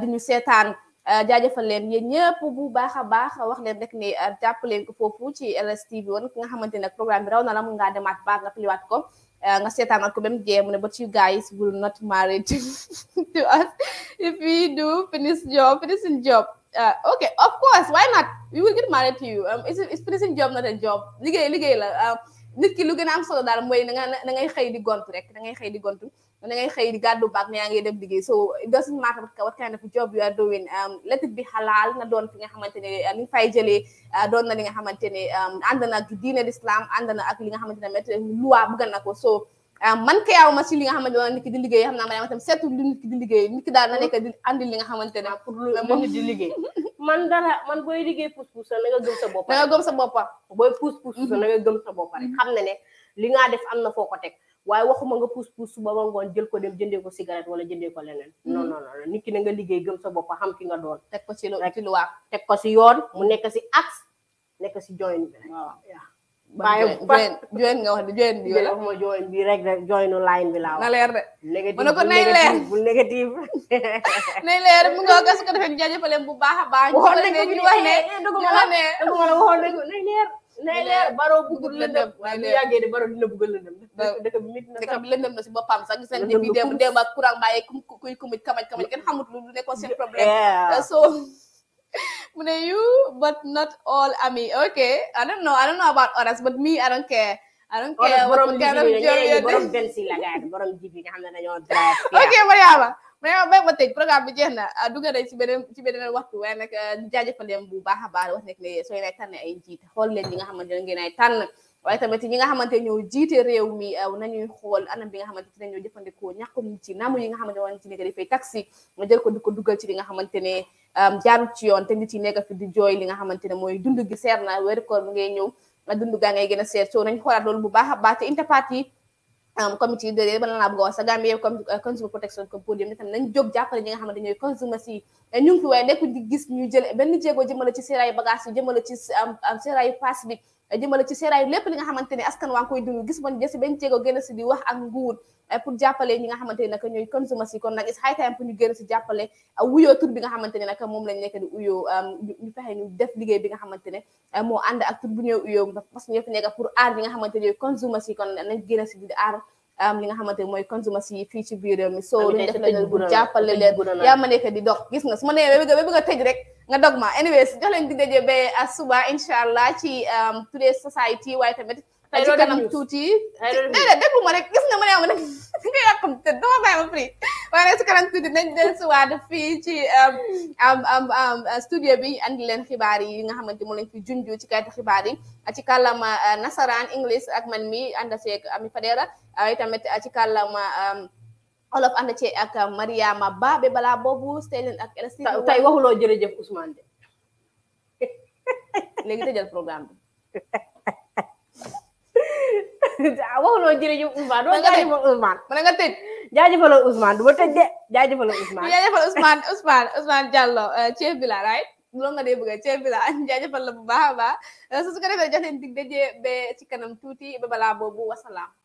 di ñu seetaan Euh, jaajëfal leen yéen ñëpp bu baax a baax wax leen rek ni euh, jàpp leen ko foofu ci LSTV woon ki nga xamante ne programme bi raw na la mun ngaa demaat baax nga pliwaat ko euh, nga seetaanaat ko benn mu jeex mu ne but you guys will not marry to us if we do finish job finishing job okay of course why not we will get married to you um, is job not a job liggéey liggéey la nit ki lu gën a am solo daal mooy na nga na ngay xëy di gontu rek da ngay xëy di gontu da ngay xëy di gàddu baag mais ngi dem liggéey so it doesn't matter what kind job you are doing um, let it na doon fi nga xamante ne li uh, fay jëlee uh, doon na li nga xamante ne um, ànd na ak diine l'islam ànd ak li nga xamante ne métti loi um, man kayaaw ma si nga xamante ne nit ki liggéey xam naa ma tam seetul liggéey nit daal na nekk di andi li nga xamante ah, liggéey man liggéey puus puus na nga gëm sa bopp na nga gëm sa boppa booy puus puus na nga gëm sa boppa rek mm-hmm. xam ne ne li nga def am na foo ko teg waaye waxuma nga puus puus su ba ngoon jël ko dem jëndee ko cigarette wala jëndee ko leneen. Mm. non non non nit ki na nga liggéey gëm sa bopp xam ki nga doon. teg ko ci lu ci lu waa teg ko ci yoon mu nekk ci axe nekk ci join bi rek. waaw waaye join join nga wax de join bi wala waxuma join bi rek rek joinu line bi laa wax. na leer de négatif bu négatif bu négatif. nay leer mu nga gas ko defee jaajëfaleen bu baax a baax. waxoon nañ ko ñu wax ne eh, ñu wax ne waxoon nañ ko nay leer. nay leer baroo buggul lëndëm waaye bu yàggee de baroo dina bugg lëndëm dëkk bi nit na dëkk bi lëndëm na si boppam sax gis nañ depuis démb démb ak courant bàyyi kuy kumaj kamaj kamaj kenn xamut lu nekkoon seen problème so mu ne you but not all ami ok I don't know I don't know about others but me I don't care I don't care borom jibi borom benn si lagaat borom jibi nga xam ne mais mais ma tey programme bi jeex na ah, dugga nañ ci beneen ci beneen waxtu waaye nag ah, baax a baax wax nekk ne sooy nay xool leen ñi nga xamante ne ngeen ay tànn waaye tamit ñi nga xamante ñoo jiite réew mi ah, nañuy xool anam bi nga xamante ne ñoo jëfandikoo ñàkkum ci namu yi nga xamante ne ci nekk dafay taxi ko di ko dugal ci li nga xamante ne jaaru ci yoon te nit nekk di jooy li nga xamante ne mooy dund gi seer na wér koor mu ngay ñëw dund gaa ngay gën a seer soo nañ xoolaat loolu bu baax a baax te interparti comité yi déedéet bala laa bëgg a wax sa Gambie yëpp comme euh, consumer protection comme podium itam nañ jóg jàppale ñi nga xamante ñooy consommateurs yi ñu ngi fi waaye nekku di gis ñu jël benn jéego jëmale ci seeraayu bagage yi jëmale ci seeraayu pass bi jëmale ci seeraayu lépp li nga xamante ne askan waa ngi koy dund gis man jësi si di wax ak Eh, pour jàppale ñi nga xamante ne nag ñooy consommer si kon nag it's high time pour ñu génn si jàppale eh, wuyoo tur bi nga xamante ne nag moom lañ nekk di uyoo um, ñu fexe ñu def liggéey bi nga xamante ne eh, moo ànd ak tur bu nekk pour aar nga xamante ne ñooy consommer si di aar um, li nga xamante ne mooy consumer si fii ci biir réew mi so luñu def la bu jàppale leen yaa ma nekk di dox gis nga su ma nee ba bëgg rek nga dog ma anyways jox leen di daje ba suba incha allah ci um, Today's Society waaye tamit a jikanam tuuti déedéet déglu ma rek gis nga ma yang mana. nag nga yàkkamte dama bàyyi ma free waaye nag si kanam tuuti nañ del suwaat fii ci studio bi andi leen xibaar yi nga xamante mu lañ fi junju ci kayitu xibaar yi eh, ci kàllaama eh, nasaraan english eh, ak man mi ànd seeg Ami Fadera itamit ci kàllaama olof ànd ci ak Mariama Ba be balaa boobu stay leen ak elsi tey waxuloo jërëjëf Ousmane de léegi tëjal programme bi waxuloo jërëjëf Ousmane doo jaajëfal Ousmane mën nga tëj jaajëfaloo Ousmane du ma tëj de jaajëfaloo Ousmane jaajëfal Ousmane Ousmane Ousmane Diallo eh, chef bi la right loolu nga dee bëgg a chef bi la jaajëfal la bu baax a baax su ko defee jox leen dig daje ba ci kanam tuuti ba balaa boobu wasalaam